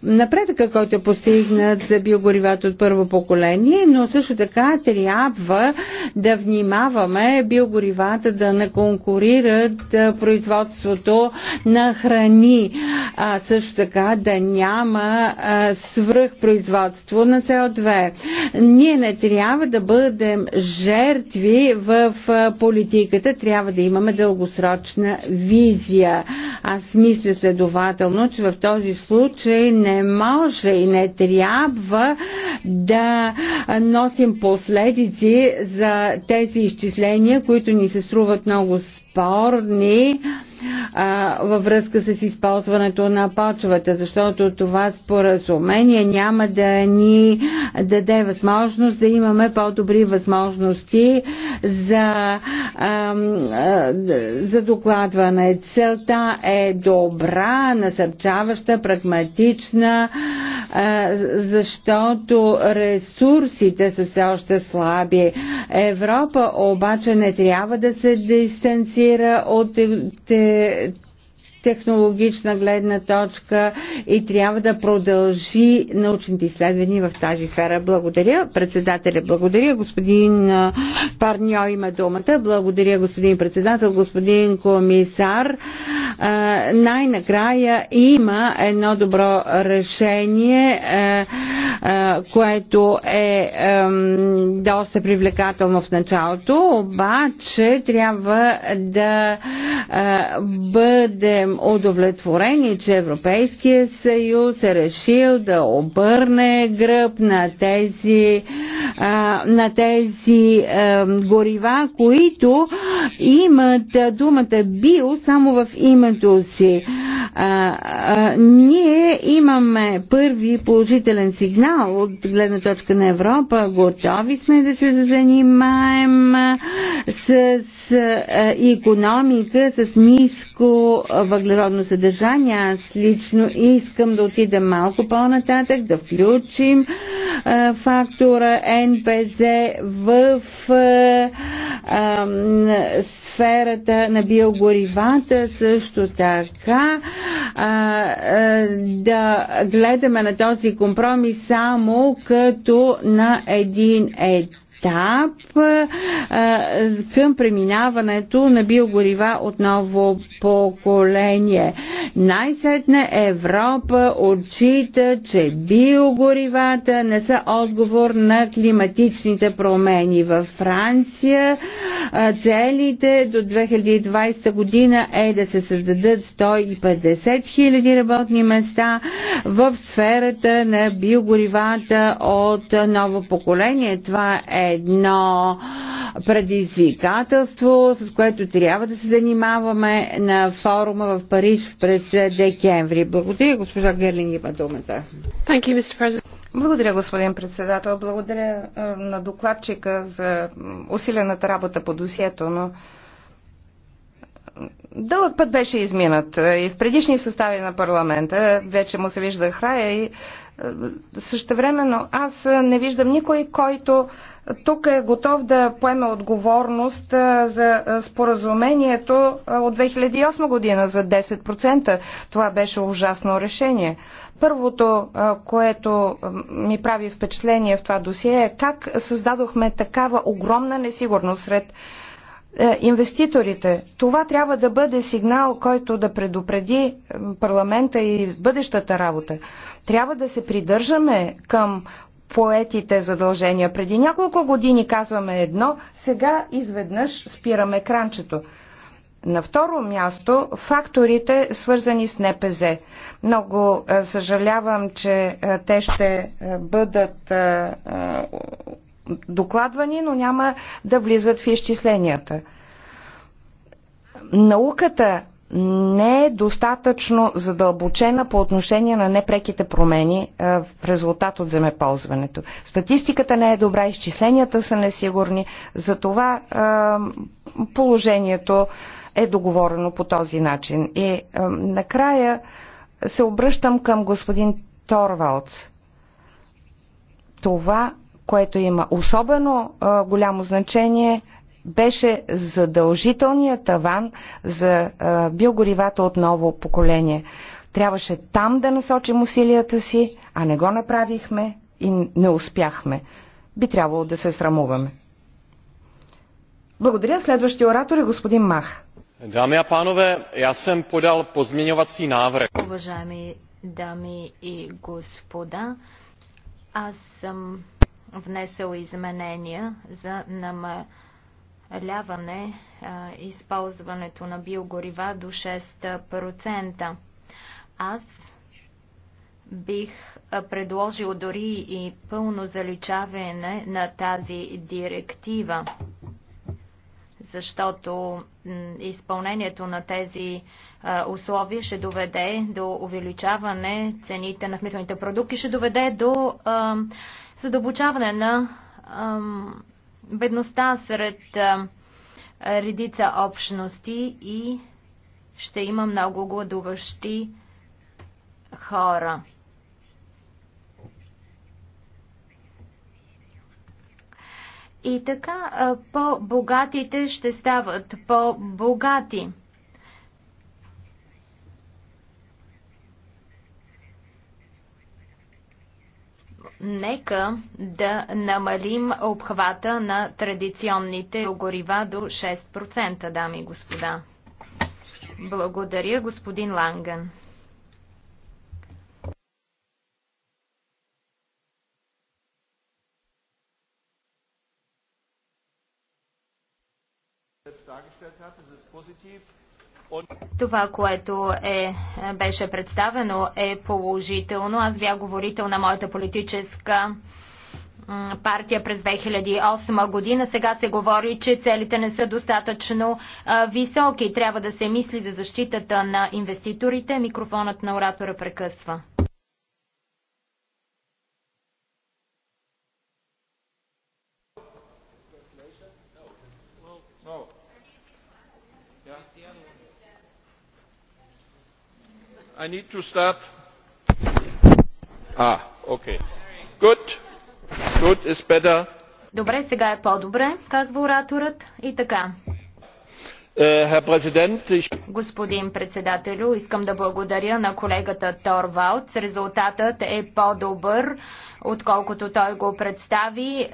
напредъка, който е постигнат за биогоривата от първо поколение, но също така трябва да внимаваме биогоривата да не конкурират производството на храни, а също така да няма свръхпроизводство на СО2. Ние не трябва да бъдем жертви в политиката, трябва да имаме дългосрочна визия. Аз мисля следователно, че в този случай не може и не трябва да носим последици за тези изчисления, които ни се струват много спорни а, във връзка с използването на почвата, защото това споразумение няма да ни даде възможност да имаме по-добри възможности за, а, а, за докладване. Целта е добра, насърчаваща, прагматична, а, защото ресурсите са все още слаби. Европа обаче не трябва да се дистанцира гарантира от те, технологична гледна точка и трябва да продължи научните изследвания в тази сфера. Благодаря. Председателя, благодаря. Господин Парньо има думата. Благодаря, господин председател, господин комисар. Най-накрая има едно добро решение, което е доста привлекателно в началото, обаче трябва да бъдем бъдем удовлетворени, че Европейския съюз е решил да обърне гръб на тези, а, на тези а, горива, които имат думата био само в името си. А, а, ние имаме първи положителен сигнал от гледна точка на Европа. Готови сме да се занимаем с, а, економика, с ниско въглероден въглеродно съдържание. Аз лично искам да отида малко по-нататък, да включим а, фактора НПЗ в а, а, сферата на биогоривата, също така а, а, да гледаме на този компромис само като на един етап етап към преминаването на биогорива от ново поколение. Най-сетне Европа отчита, че биогоривата не са отговор на климатичните промени. Във Франция целите до 2020 година е да се създадат 150 хиляди работни места в сферата на биогоривата от ново поколение. Това е едно предизвикателство, с което трябва да се занимаваме на форума в Париж през декември. Благодаря, госпожа Герлин, има думата. Благодаря, господин председател. Благодаря на докладчика за усилената работа по досието, но дълъг път беше изминат и в предишни състави на парламента вече му се вижда храя и Същевременно аз не виждам никой, който тук е готов да поеме отговорност за споразумението от 2008 година за 10%. Това беше ужасно решение. Първото, което ми прави впечатление в това досие е как създадохме такава огромна несигурност сред е, инвеститорите. Това трябва да бъде сигнал, който да предупреди парламента и бъдещата работа. Трябва да се придържаме към поетите задължения. Преди няколко години казваме едно, сега изведнъж спираме кранчето. На второ място факторите, свързани с НПЗ. Много съжалявам, че те ще бъдат докладвани, но няма да влизат в изчисленията. Науката не е достатъчно задълбочена по отношение на непреките промени е, в резултат от земеползването. Статистиката не е добра, изчисленията са несигурни, затова е, положението е договорено по този начин. И е, накрая се обръщам към господин Торвалц. Това, което има особено голямо значение беше задължителният таван за биогоривата от ново поколение. Трябваше там да насочим усилията си, а не го направихме и не успяхме. Би трябвало да се срамуваме. Благодаря. Следващия оратор е господин Мах. Дами и панове, аз съм подал позминьоваци навре. Уважаеми дами и господа, аз съм внесъл изменения за намаляване намаляване използването на биогорива до 6%. Аз бих предложил дори и пълно заличаване на тази директива, защото изпълнението на тези условия ще доведе до увеличаване цените на хранителните продукти, ще доведе до задълбочаване на бедността сред редица общности и ще има много гладуващи хора. И така по-богатите ще стават по-богати. Нека да намалим обхвата на традиционните горива до 6%, дами и господа. Благодаря, господин Ланган. Das ist positiv. Това, което е, беше представено е положително. Аз бях говорител на моята политическа партия през 2008 година. Сега се говори, че целите не са достатъчно а, високи. Трябва да се мисли за защитата на инвеститорите. Микрофонът на оратора прекъсва. I need to start. А, ah, Okay. Good. Good is better. Добре, сега е по-добре, казва ораторът. И така. Е, Господин председателю, искам да благодаря на колегата Торвалд. Резултатът е по-добър, отколкото той го представи.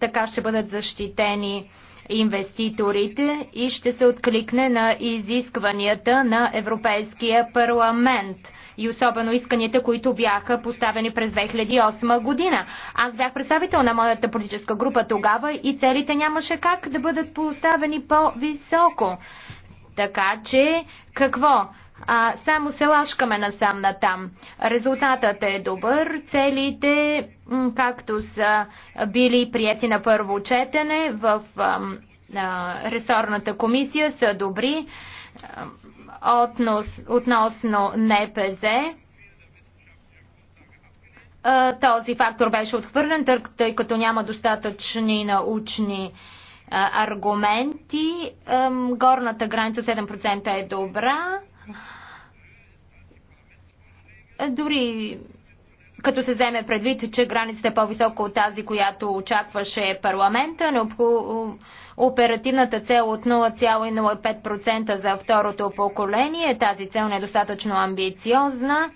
Така ще бъдат защитени инвеститорите и ще се откликне на изискванията на Европейския парламент и особено исканията, които бяха поставени през 2008 година. Аз бях представител на моята политическа група тогава и целите нямаше как да бъдат поставени по-високо. Така че какво? А, само се лашкаме насам натам. Резултатът е добър, целите както са били прияти на първо четене в ресорната комисия, са добри относ, относно НПЗ. Този фактор беше отхвърлен, тъй като няма достатъчни научни аргументи. Горната граница 7% е добра. Дори като се вземе предвид, че границата е по-висока от тази, която очакваше парламента. Оперативната цел от 0,05% за второто поколение. Тази цел не е достатъчно амбициозна.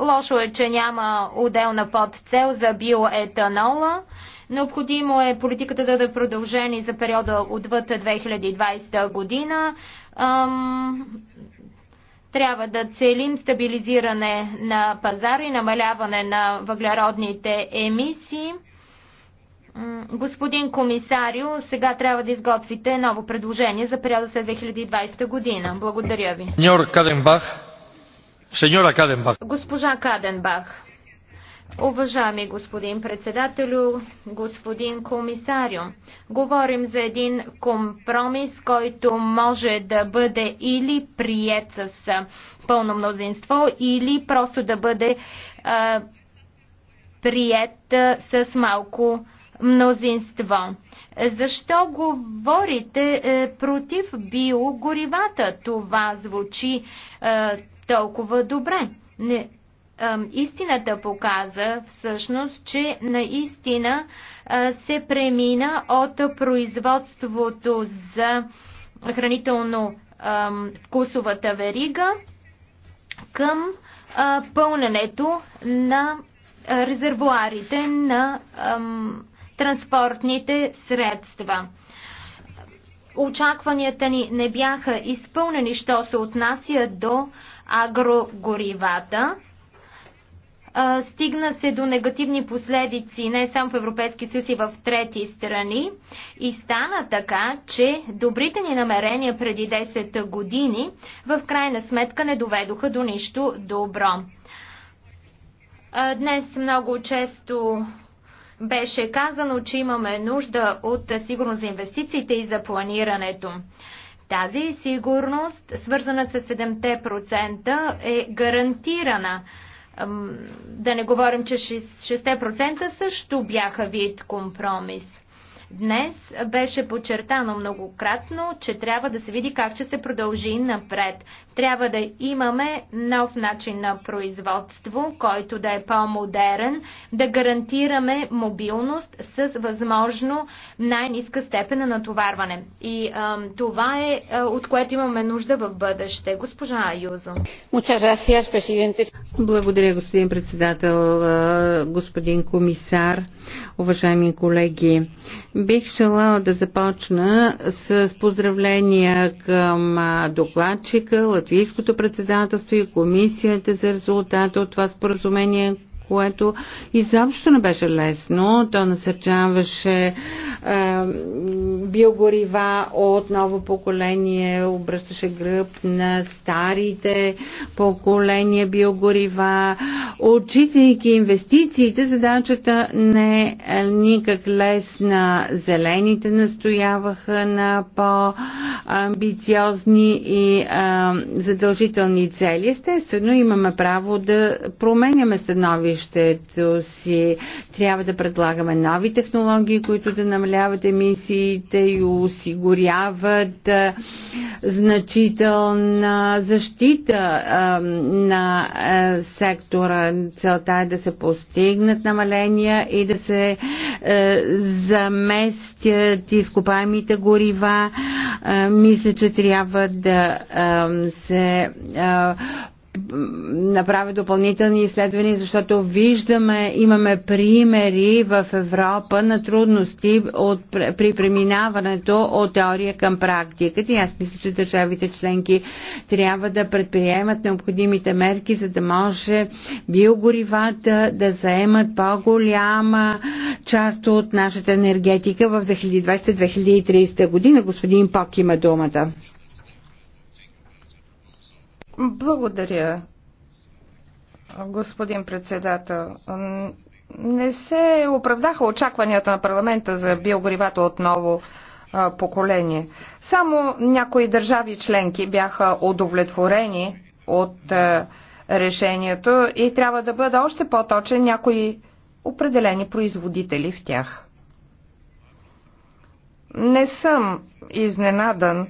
Лошо е, че няма отделна подцел за биоетанола. Необходимо е политиката да продължена продължени за периода отвъд 2020 година трябва да целим стабилизиране на пазара и намаляване на въглеродните емисии. Господин комисарио, сега трябва да изготвите ново предложение за периода след 2020 година. Благодаря ви. Каденбах. Госпожа Каденбах. Уважаеми господин председателю, господин комисарю, говорим за един компромис, който може да бъде или прият с пълно мнозинство, или просто да бъде а, прият с малко мнозинство. Защо говорите а, е, против биогоривата? Това звучи а, е, толкова добре. Не, истината показа всъщност, че наистина се премина от производството за хранително вкусовата верига към пълненето на резервуарите на транспортните средства. Очакванията ни не бяха изпълнени, що се отнася до агрогоривата стигна се до негативни последици не само в Европейски съюз и в трети страни. И стана така, че добрите ни намерения преди 10 години в крайна сметка не доведоха до нищо добро. днес много често беше казано, че имаме нужда от сигурност за инвестициите и за планирането. Тази сигурност, свързана с 7% е гарантирана да не говорим, че 6% също бяха вид компромис. Днес беше подчертано многократно, че трябва да се види как ще се продължи напред. Трябва да имаме нов начин на производство, който да е по-модерен, да гарантираме мобилност с възможно най-низка степен на натоварване. И а, това е а, от което имаме нужда в бъдеще. Госпожа Аюзо. Благодаря, господин председател, господин комисар, уважаеми колеги. Бих желала да започна с поздравления към докладчика, Латвийското председателство и комисията за резултата от това споразумение, което изобщо не беше лесно. То насърчаваше е, биогорива от ново поколение, обръщаше гръб на старите поколения биогорива. Отчитайки инвестициите, задачата не е никак лесна. Зелените настояваха на по-амбициозни и е, задължителни цели. Естествено, имаме право да променяме становище бъдещето си. Трябва да предлагаме нови технологии, които да намаляват емисиите и осигуряват значителна защита на сектора. Целта е да се постигнат намаления и да се заместят изкопаемите горива. Мисля, че трябва да се направя допълнителни изследвания, защото виждаме, имаме примери в Европа на трудности от, при преминаването от теория към практиката. И аз мисля, че държавите членки трябва да предприемат необходимите мерки, за да може биогоривата да заемат по-голяма част от нашата енергетика в 2020-2030 година. Господин Пок има думата. Благодаря, господин председател. Не се оправдаха очакванията на парламента за биогоривата отново поколение. Само някои държави членки бяха удовлетворени от решението и трябва да бъда още по-точен някои определени производители в тях. Не съм изненадан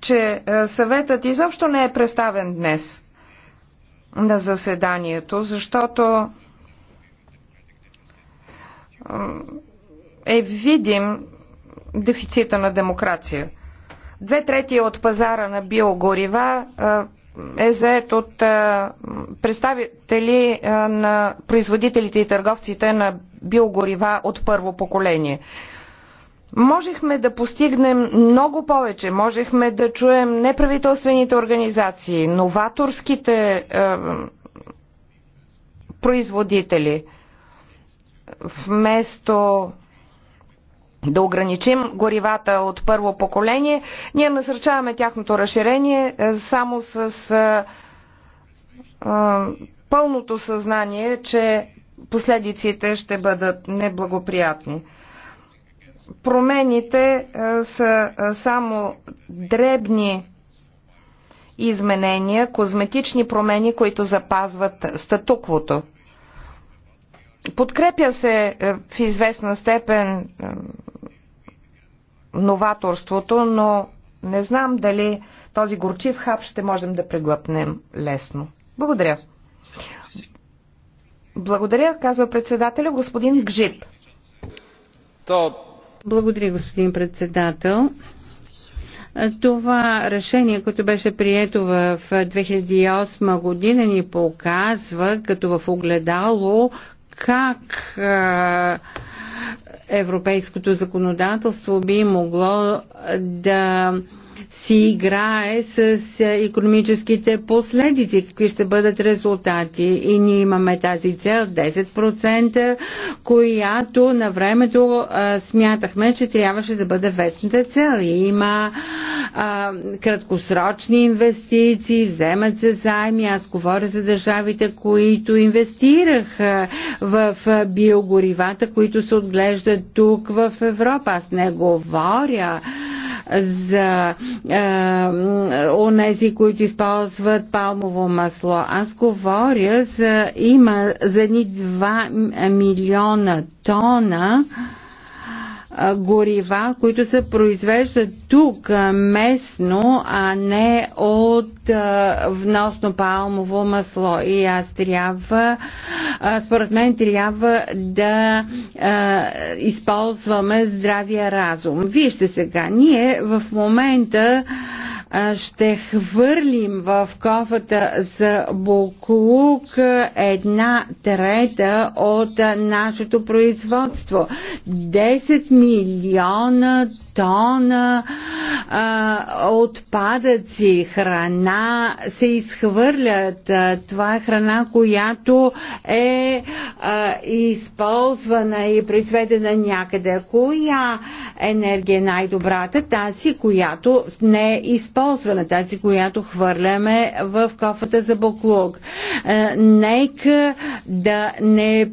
че е, съветът изобщо не е представен днес на заседанието, защото е видим дефицита на демокрация. Две трети от пазара на биогорива е, е заед от е, представители на производителите и търговците на биогорива от първо поколение. Можехме да постигнем много повече, можехме да чуем неправителствените организации, новаторските е, производители, вместо да ограничим горивата от първо поколение, ние насърчаваме тяхното разширение е, само с а, е, а, е, пълното съзнание, че последиците ще бъдат неблагоприятни промените е, са е, само дребни изменения, козметични промени, които запазват статуквото. Подкрепя се е, в известна степен новаторството, но не знам дали този горчив хап ще можем да преглъпнем лесно. Благодаря. Благодаря, казва председателя господин Гжип. То благодаря, господин председател. Това решение, което беше прието в 2008 година, ни показва като в огледало как европейското законодателство би могло да си играе с економическите последици, какви ще бъдат резултати. И ние имаме тази цел 10%, която на времето е, смятахме, че трябваше да бъде вечната цел. И има а, е, краткосрочни инвестиции, вземат се заеми. Аз говоря за държавите, които инвестираха е, в биогоривата, които се отглеждат тук в Европа. Аз не говоря за е, онези, които използват палмово масло. Аз говоря за, има, за ни 2 милиона тона горива, които се произвеждат тук местно, а не от вносно палмово масло. И аз трябва, според мен, трябва да използваме здравия разум. Вижте сега, ние в момента ще хвърлим в кофата за буклук една трета от нашето производство. 10 милиона тона а, отпадъци, храна се изхвърлят. Това е храна, която е а, използвана и произведена някъде. Коя енергия е най-добрата? Тази, която не е използвана използваме, тази, която хвърляме в кофата за буклук. Е, нека да не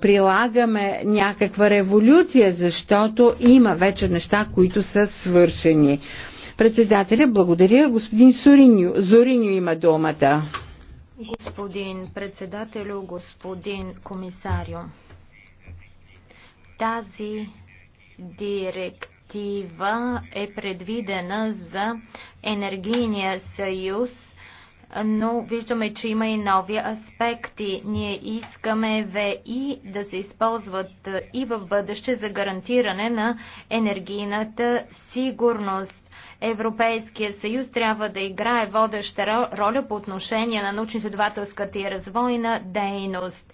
прилагаме някаква революция, защото има вече неща, които са свършени. Председателя, благодаря. Господин Суриню, Зориню има думата. Господин председателю, господин комисарио, тази директ директива е предвидена за енергийния съюз, но виждаме, че има и нови аспекти. Ние искаме ВИ да се използват е, и в бъдеще за гарантиране на енергийната сигурност. Европейския съюз трябва да играе водеща роля по отношение на научно-изследователската и развойна дейност.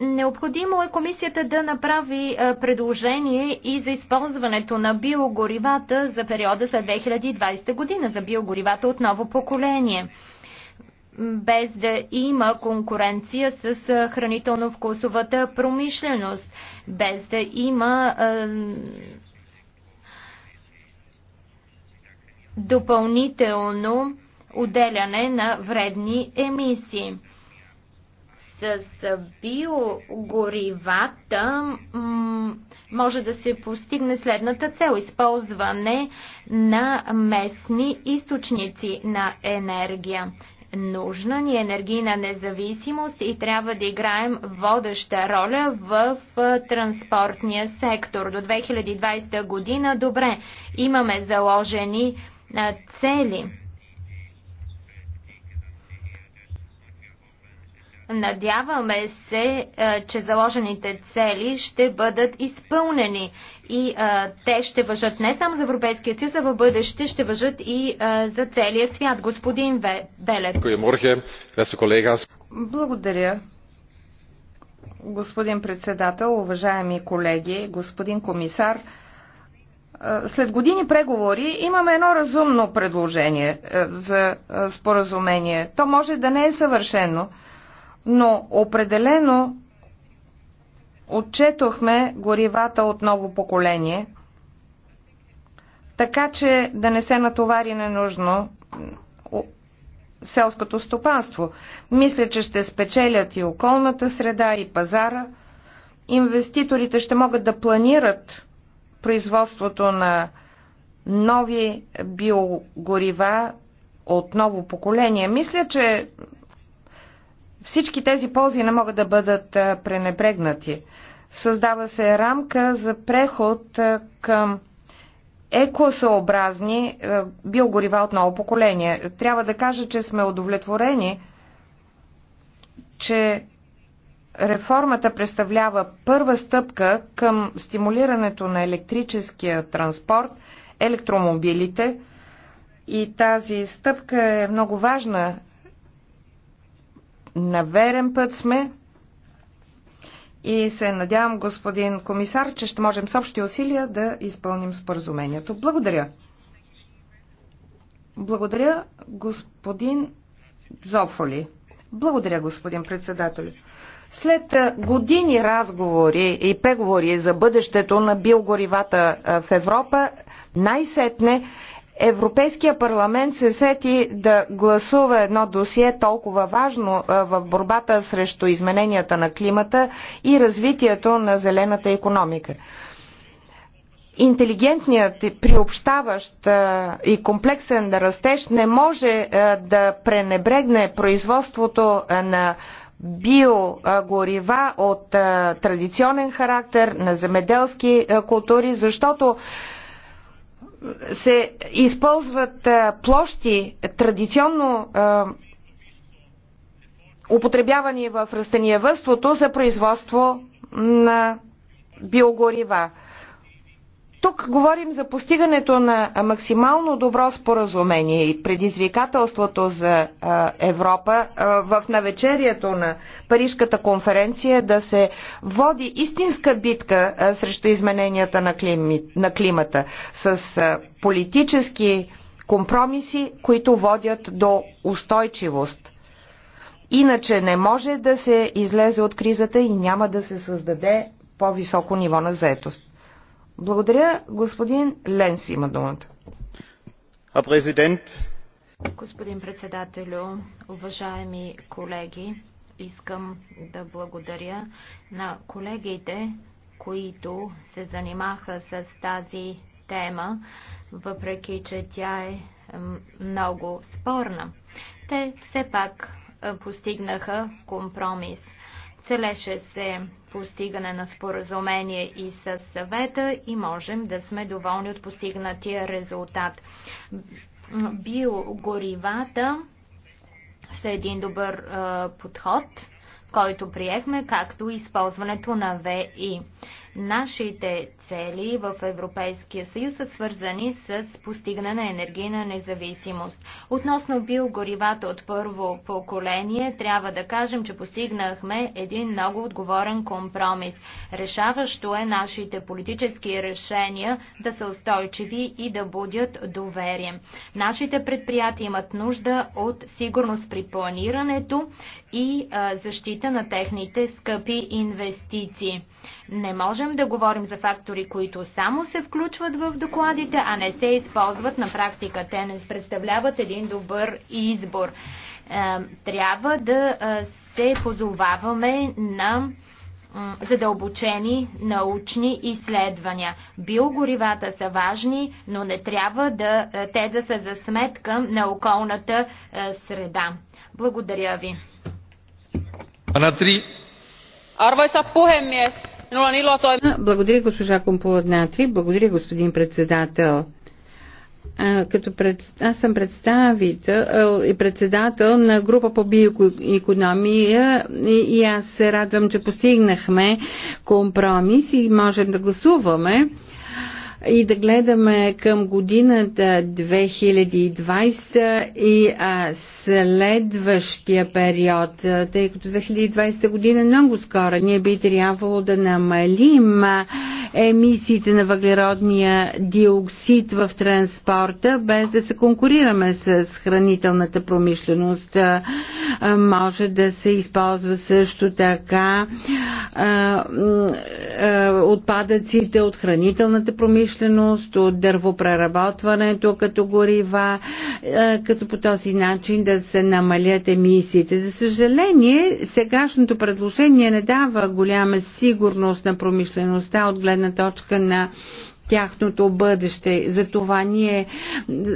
Необходимо е комисията да направи е, предложение и за използването на биогоривата за периода за 2020 година, за биогоривата от ново поколение, без да има конкуренция с е, хранително-вкусовата промишленост, без да има е, допълнително отделяне на вредни емисии с биогоривата може да се постигне следната цел използване на местни източници на енергия. Нужна ни е енергийна независимост и трябва да играем водеща роля в транспортния сектор. До 2020 година, добре, имаме заложени цели Надяваме се, е, че заложените цели ще бъдат изпълнени и е, те ще въжат не само за Европейския съюз, а в бъдеще ще въжат и е, за целия свят. Господин Белев. Благодаря. Господин председател, уважаеми колеги, господин комисар, след години преговори имаме едно разумно предложение за споразумение. То може да не е съвършено, но определено отчетохме горивата от ново поколение, така че да не се натовари ненужно селското стопанство. Мисля, че ще спечелят и околната среда, и пазара. Инвеститорите ще могат да планират производството на нови биогорива от ново поколение. Мисля, че всички тези ползи не могат да бъдат пренебрегнати. Създава се рамка за преход към екосъобразни биогорива от ново поколение. Трябва да кажа, че сме удовлетворени, че реформата представлява първа стъпка към стимулирането на електрическия транспорт, електромобилите и тази стъпка е много важна на верен път сме и се надявам, господин комисар, че ще можем с общи усилия да изпълним споразумението. Благодаря. Благодаря, господин Зофоли. Благодаря, господин председател. След години разговори и преговори за бъдещето на биогоривата в Европа, най-сетне Европейския парламент се сети да гласува едно досие толкова важно в борбата срещу измененията на климата и развитието на зелената економика. Интелигентният, приобщаващ и комплексен растеж не може да пренебрегне производството на биогорива от традиционен характер на земеделски култури, защото се използват площи, традиционно употребявани в растениевъдството за производство на биогорива. Тук говорим за постигането на максимално добро споразумение и предизвикателството за Европа в навечерието на Парижката конференция да се води истинска битка срещу измененията на, клими, на климата с политически компромиси, които водят до устойчивост. Иначе не може да се излезе от кризата и няма да се създаде по-високо ниво на заетост. Благодаря. Господин Ленс има думата. президент. Господин председателю, уважаеми колеги, искам да благодаря на колегите, които се занимаха с тази тема, въпреки че тя е много спорна. Те все пак постигнаха компромис. Целеше се постигане на споразумение и с съвета и можем да сме доволни от постигнатия резултат. Биогоривата са един добър е, подход, който приехме, както и използването на ВИ. Нашите цели в Европейския съюз са свързани с постигане на енергийна независимост. Относно биогоривата от първо поколение, трябва да кажем, че постигнахме един много отговорен компромис. Решаващо е нашите политически решения да са устойчиви и да будят доверие. Нашите предприятия имат нужда от сигурност при планирането и а, защита на техните скъпи инвестиции. Не можем да говорим за фактори фактори, които само се включват в докладите, а не се използват на практика. Те не представляват един добър избор. Е, трябва да е, се позоваваме на задълбочени научни изследвания. Биогоривата са важни, но не трябва да, е, те да са за сметка на околната среда. Благодаря ви. Arvoisa puhemies, благодаря, госпожа Компола Днатри. Благодаря, господин председател като пред, аз съм представител и председател на група по биоекономия и, и аз се радвам, че постигнахме компромис и можем да гласуваме и да гледаме към годината 2020 и а, следващия период, тъй като 2020 година е много скоро. Ние би трябвало да намалим емисиите на въглеродния диоксид в транспорта, без да се конкурираме с хранителната промишленост. Може да се използва също така отпадъците от хранителната промишленост, промишленост, от дървопреработването като горива, е, като по този начин да се намалят емисиите. За съжаление, сегашното предложение не дава голяма сигурност на промишлеността от гледна точка на тяхното бъдеще. Затова ние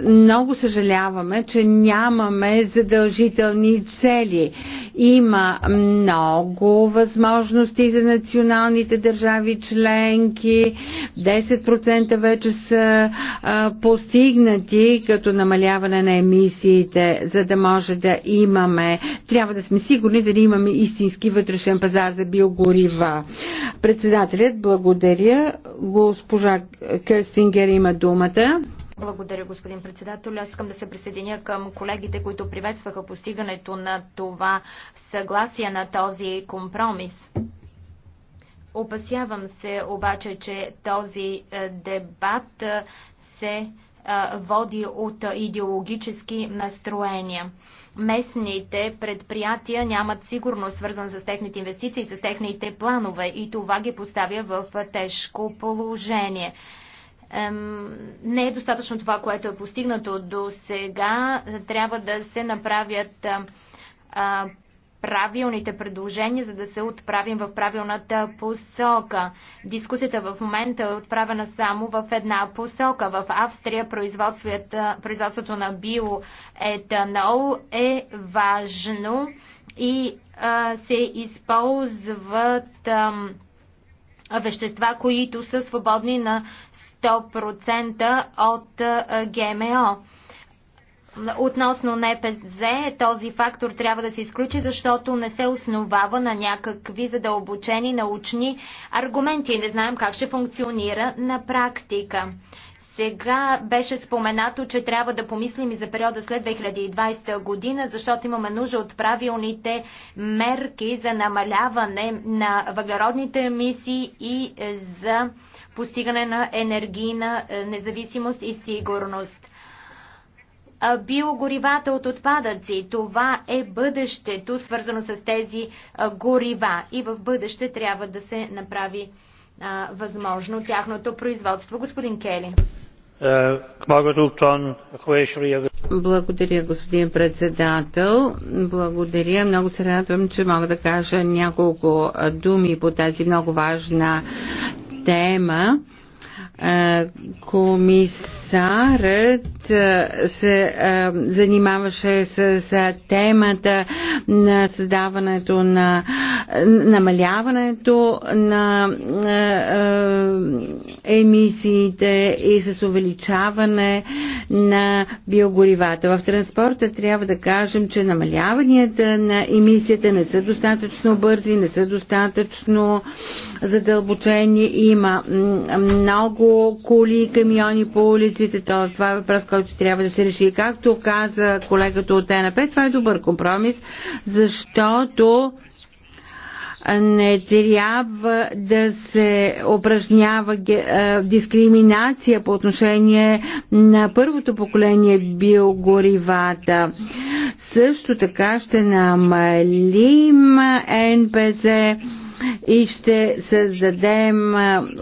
много съжаляваме, че нямаме задължителни цели. Има много възможности за националните държави членки. 10% вече са а, постигнати като намаляване на емисиите, за да може да имаме. Трябва да сме сигурни дали имаме истински вътрешен пазар за биогорива. Председателят, благодаря госпожа Кърстингер има думата. Благодаря, господин председател. Аз искам да се присъединя към колегите, които приветстваха постигането на това съгласие на този компромис. Опасявам се обаче, че този е, дебат е, се е, води от идеологически настроения местните предприятия нямат сигурност, свързан с техните инвестиции, с техните планове и това ги поставя в тежко положение. Не е достатъчно това, което е постигнато до сега. Трябва да се направят правилните предложения, за да се отправим в правилната посока. Дискусията в момента е отправена само в една посока. В Австрия производството на биоетанол е важно и а, се използват а, вещества, които са свободни на 100% от а, ГМО. Относно НПЗ, този фактор трябва да се изключи, защото не се основава на някакви задълбочени научни аргументи. Не знаем как ще функционира на практика. Сега беше споменато, че трябва да помислим и за периода след 2020 година, защото имаме нужда от правилните мерки за намаляване на въглеродните емисии и е, за постигане на енергийна е, независимост и сигурност. Биогоривата от отпадъци, това е бъдещето, свързано с тези горива. И в бъдеще трябва да се направи а, възможно тяхното производство. Господин Кели. Благодаря, господин председател. Благодаря. Много се радвам, че мога да кажа няколко думи по тази много важна тема комисарът се занимаваше с темата на създаването на намаляването на емисиите и с увеличаване на биогоривата. В транспорта трябва да кажем, че намаляванията на емисията не са достатъчно бързи, не са достатъчно задълбочени. Има много коли и камиони по улиците. То, това е въпрос, който трябва да се реши. Както каза колегата от ТНП, това е добър компромис, защото не трябва да се упражнява дискриминация по отношение на първото поколение биогоривата. Също така ще намалим НПЗ и ще създадем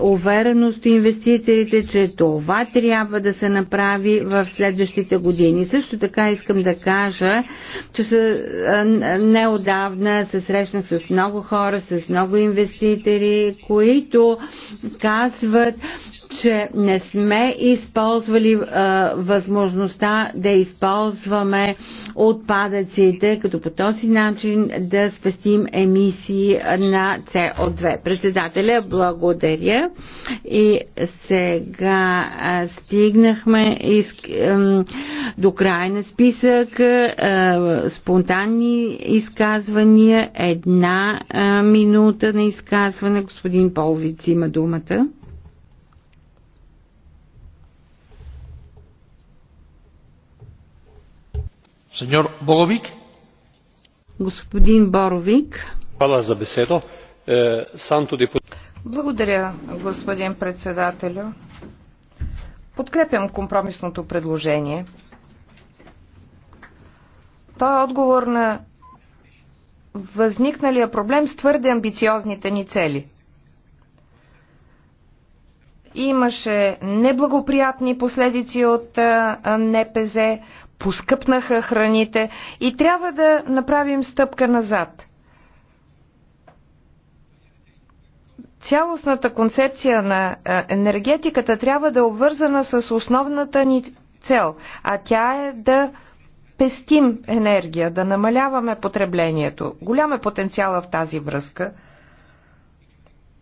увереност у инвеститорите, че това трябва да се направи в следващите години. Също така искам да кажа, че неодавна се срещнах с много хора, хора, с много инвеститори, които казват, че не сме използвали а, възможността да използваме отпадъците, като по този начин да спестим емисии на CO2. Председателя, благодаря. И сега а, стигнахме из, а, до края на списък. А, спонтанни изказвания. Една а, минута на изказване. Господин Полвиц има думата. Сеньор Боговик. Господин Боровик. Хвала за беседо. Сам туди... Благодаря, господин председателю. Подкрепям компромисното предложение. Той е отговор на възникналия проблем с твърде амбициозните ни цели. Имаше неблагоприятни последици от НПЗ, поскъпнаха храните и трябва да направим стъпка назад. Цялостната концепция на енергетиката трябва да е обвързана с основната ни цел, а тя е да пестим енергия, да намаляваме потреблението. Голям е потенциала в тази връзка –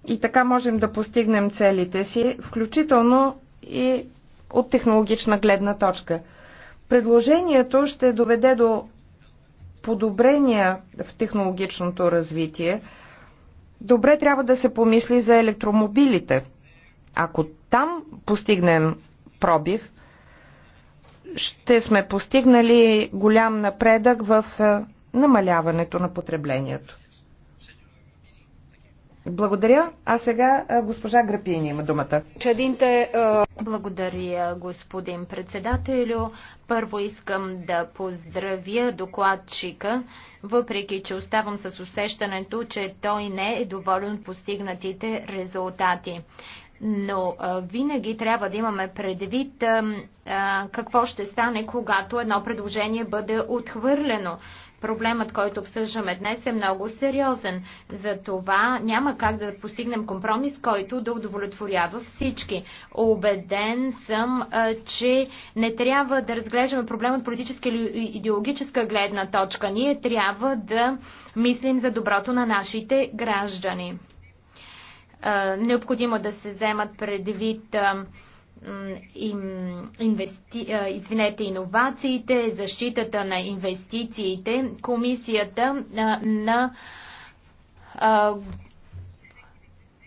и така можем да постигнем целите си, включително и от технологична гледна точка. Предложението ще доведе до подобрения в технологичното развитие. Добре трябва да се помисли за електромобилите. Ако там постигнем пробив, ще сме постигнали голям напредък в е, намаляването на потреблението. Благодаря. А сега госпожа Грапини има думата. Чадинте, благодаря, господин председателю. Първо искам да поздравя докладчика, въпреки че оставам с усещането, че той не е доволен от постигнатите резултати. Но а, винаги трябва да имаме предвид а, а, какво ще стане, когато едно предложение бъде отхвърлено. Проблемът, който обсъждаме днес е много сериозен. За това няма как да постигнем компромис, който да удовлетворява всички. Обеден съм, че не трябва да разглеждаме проблем от политическа или идеологическа гледна точка. Ние трябва да мислим за доброто на нашите граждани. Необходимо да се вземат предвид инвести... извинете, иновациите, защитата на инвестициите, комисията на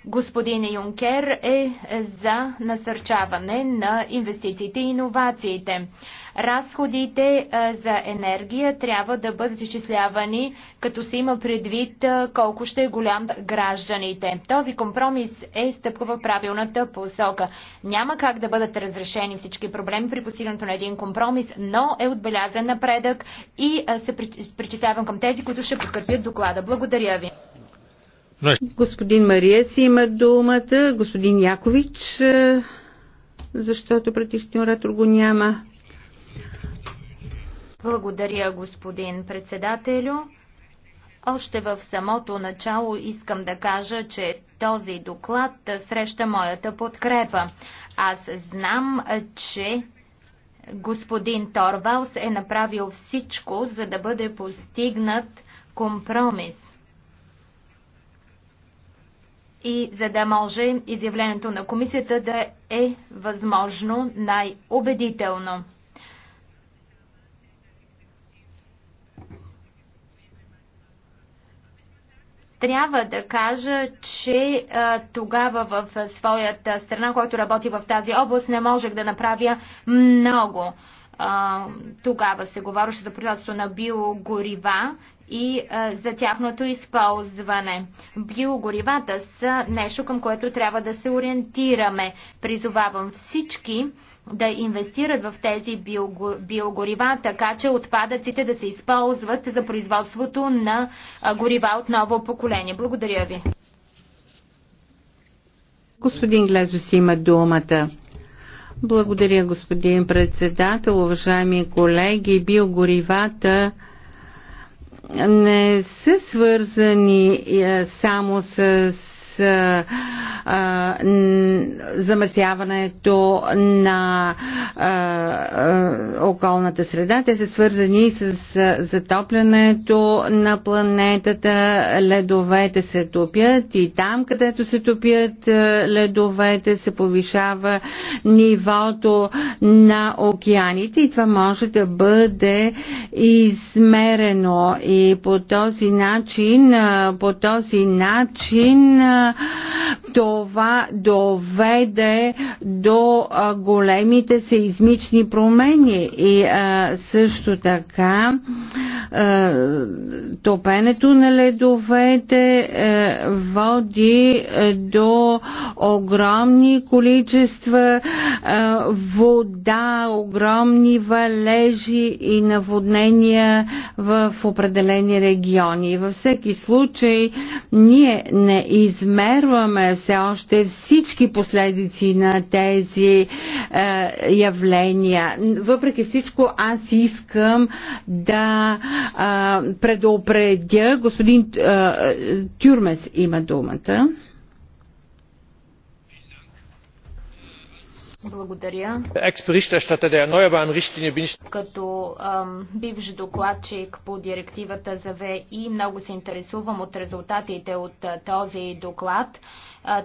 господин Юнкер е за насърчаване на инвестициите и иновациите. Разходите за енергия трябва да бъдат изчислявани, като се има предвид колко ще е голям гражданите. Този компромис е стъпка в правилната посока. Няма как да бъдат разрешени всички проблеми при постигането на един компромис, но е отбелязан напредък и се причислявам към тези, които ще подкрепят доклада. Благодаря ви. Господин Мария, си има думата, господин Якович, защото предишния оратор го няма. Благодаря, господин председателю. Още в самото начало искам да кажа, че този доклад среща моята подкрепа. Аз знам, че господин Торвалс е направил всичко, за да бъде постигнат компромис. И за да може изявлението на комисията да е възможно най-убедително. Трябва да кажа, че а, тогава в своята страна, който работи в тази област, не можех да направя много. А, тогава се говореше за производство на биогорива и а, за тяхното използване. Биогоривата са нещо, към което трябва да се ориентираме. Призовавам всички да инвестират в тези биогорива, така че отпадъците да се използват за производството на горива от ново поколение. Благодаря ви. Господин Глезо, си има думата. Благодаря, господин председател, уважаеми колеги. Биогоривата не са свързани е, само с а, а, замърсяването на а, а, околната среда. Те са свързани с затоплянето на планетата. Ледовете се топят и там, където се топят ледовете, се повишава нивото на океаните и това може да бъде измерено и по този начин, по този начин това доведе до големите сеизмични промени и също така топенето на ледовете води до огромни количества вода, огромни валежи и наводнения в определени региони. Във всеки случай ние не изменяме измерваме все още всички последици на тези е, явления. Въпреки всичко, аз искам да е, предупредя, господин е, Тюрмес има думата. Благодаря. Като бивш докладчик по директивата за ВИ, много се интересувам от резултатите от този доклад.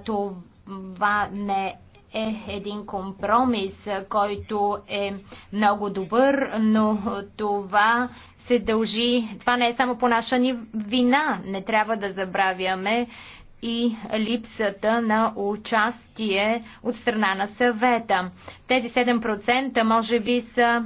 това не е един компромис, който е много добър, но това се дължи. Това не е само по наша ни вина. Не трябва да забравяме, и липсата на участие от страна на съвета. Тези 7% може би са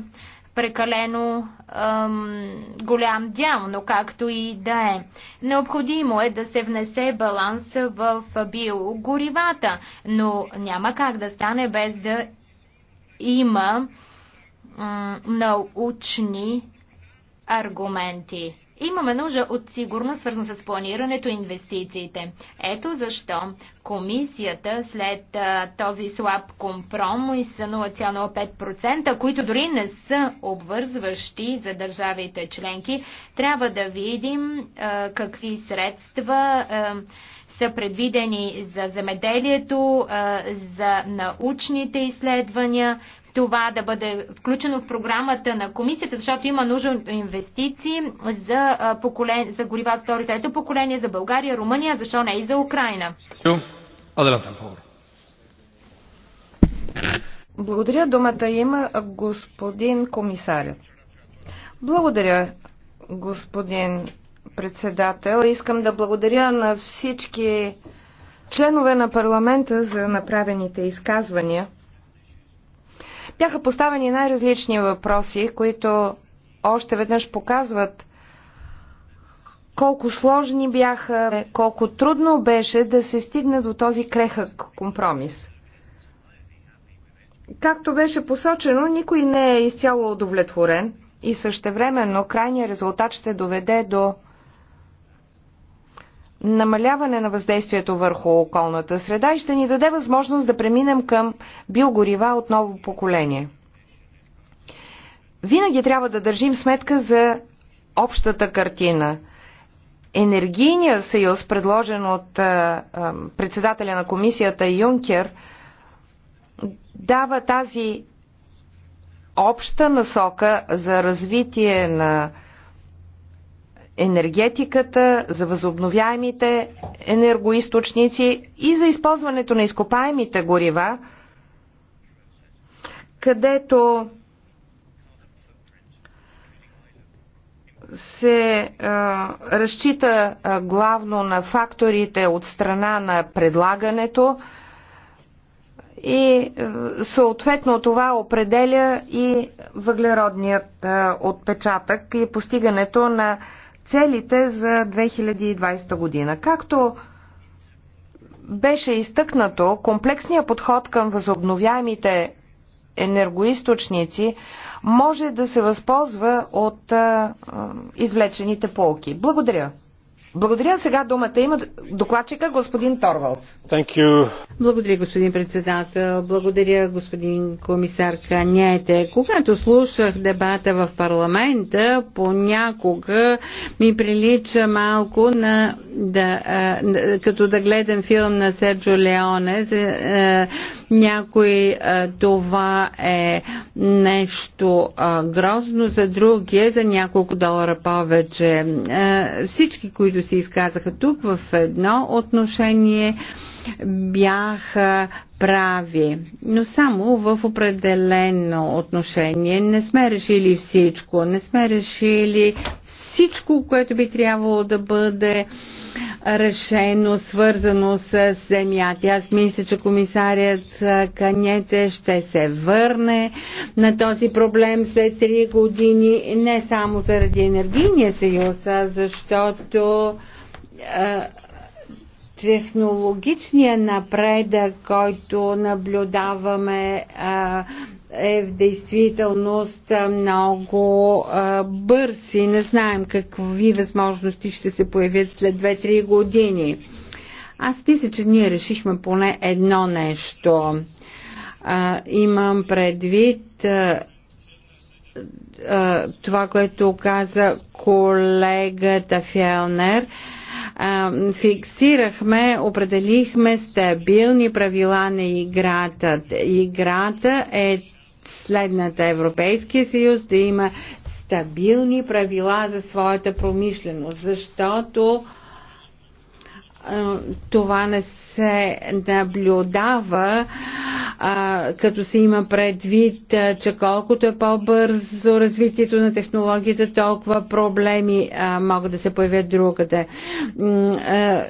прекалено ем, голям дял, но както и да е. Необходимо е да се внесе баланс в биогоривата, но няма как да стане без да има ем, научни аргументи. Имаме нужда от сигурност, свързана с планирането и инвестициите. Ето защо комисията след а, този слаб компромис 0,05%, които дори не са обвързващи за държавите членки, трябва да видим а, какви средства а, са предвидени за земеделието, за научните изследвания, това да бъде включено в програмата на комисията, защото има нужда от инвестиции за, поколен... за горива втори, второ и трето поколение, за България, Румъния, защо не и за Украина. Благодаря. Думата има господин комисарят. Благодаря, господин председател. Искам да благодаря на всички членове на парламента за направените изказвания. Бяха поставени най-различни въпроси, които още веднъж показват колко сложни бяха, колко трудно беше да се стигне до този крехък компромис. Както беше посочено, никой не е изцяло удовлетворен и същевременно крайният резултат ще доведе до намаляване на въздействието върху околната среда и ще ни даде възможност да преминем към биогорива от ново поколение. Винаги трябва да държим сметка за общата картина. Енергийният съюз, предложен от а, а, председателя на комисията Юнкер, дава тази обща насока за развитие на енергетиката, за възобновяемите енергоисточници и за използването на изкопаемите горива, където се а, разчита а, главно на факторите от страна на предлагането и а, съответно това определя и въглеродният а, отпечатък и постигането на а, целите за 2020 година. Както беше изтъкнато, комплексният подход към възобновяемите енергоисточници може да се възползва от а, извлечените полки. Благодаря. Благодаря. Сега думата има докладчика господин Торвалц. Благодаря, господин председател. Благодаря, господин комисар Каняйте. Когато слушах дебата в парламента, понякога ми прилича малко на, да, като да гледам филм на Серджо Леоне. За, някой това е нещо грозно, за други е за няколко долара повече. Всички, които се изказаха тук в едно отношение, бяха прави, но само в определено отношение. Не сме решили всичко, не сме решили всичко, което би трябвало да бъде а, решено, свързано с земята. Аз мисля, че комисарият Канете ще се върне на този проблем след 3 години, не само заради енергийния съюз, а защото технологичният напредък, който наблюдаваме, е в действителност много бърз и не знаем какви възможности ще се появят след 2-3 години. Аз мисля, че ние решихме поне едно нещо. А, имам предвид а, а, това, което каза колегата Фелнер. А, фиксирахме, определихме стабилни правила на играта. Играта е следната Европейския съюз да има стабилни правила за своята промишленост, защото това не се наблюдава, а, като се има предвид, а, че колкото е по-бързо развитието на технологията, толкова проблеми а, могат да се появят другаде. А,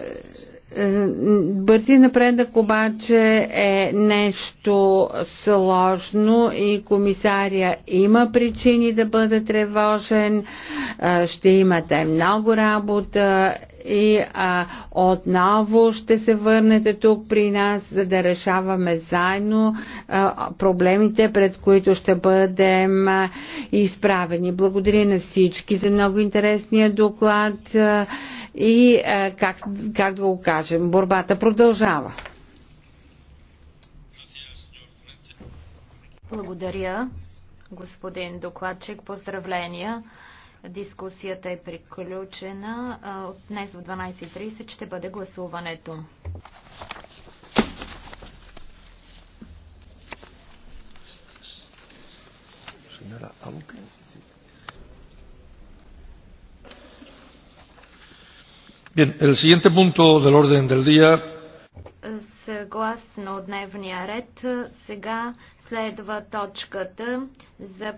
е, бързи напредък обаче е нещо сложно и комисария има причини да бъде тревожен, е, ще имате много работа и отново ще се върнете тук при нас, за да решаваме заедно проблемите, пред които ще бъдем изправени. Благодаря на всички за много интересния доклад и е, как, как да го кажем, борбата продължава. Благодаря, господин докладчик. Поздравления. Дискусията е приключена. Е, днес в 12.30 ще бъде гласуването. Señora Bien, el siguiente punto del orden del día. Съгласно дневния ред, сега следва точката за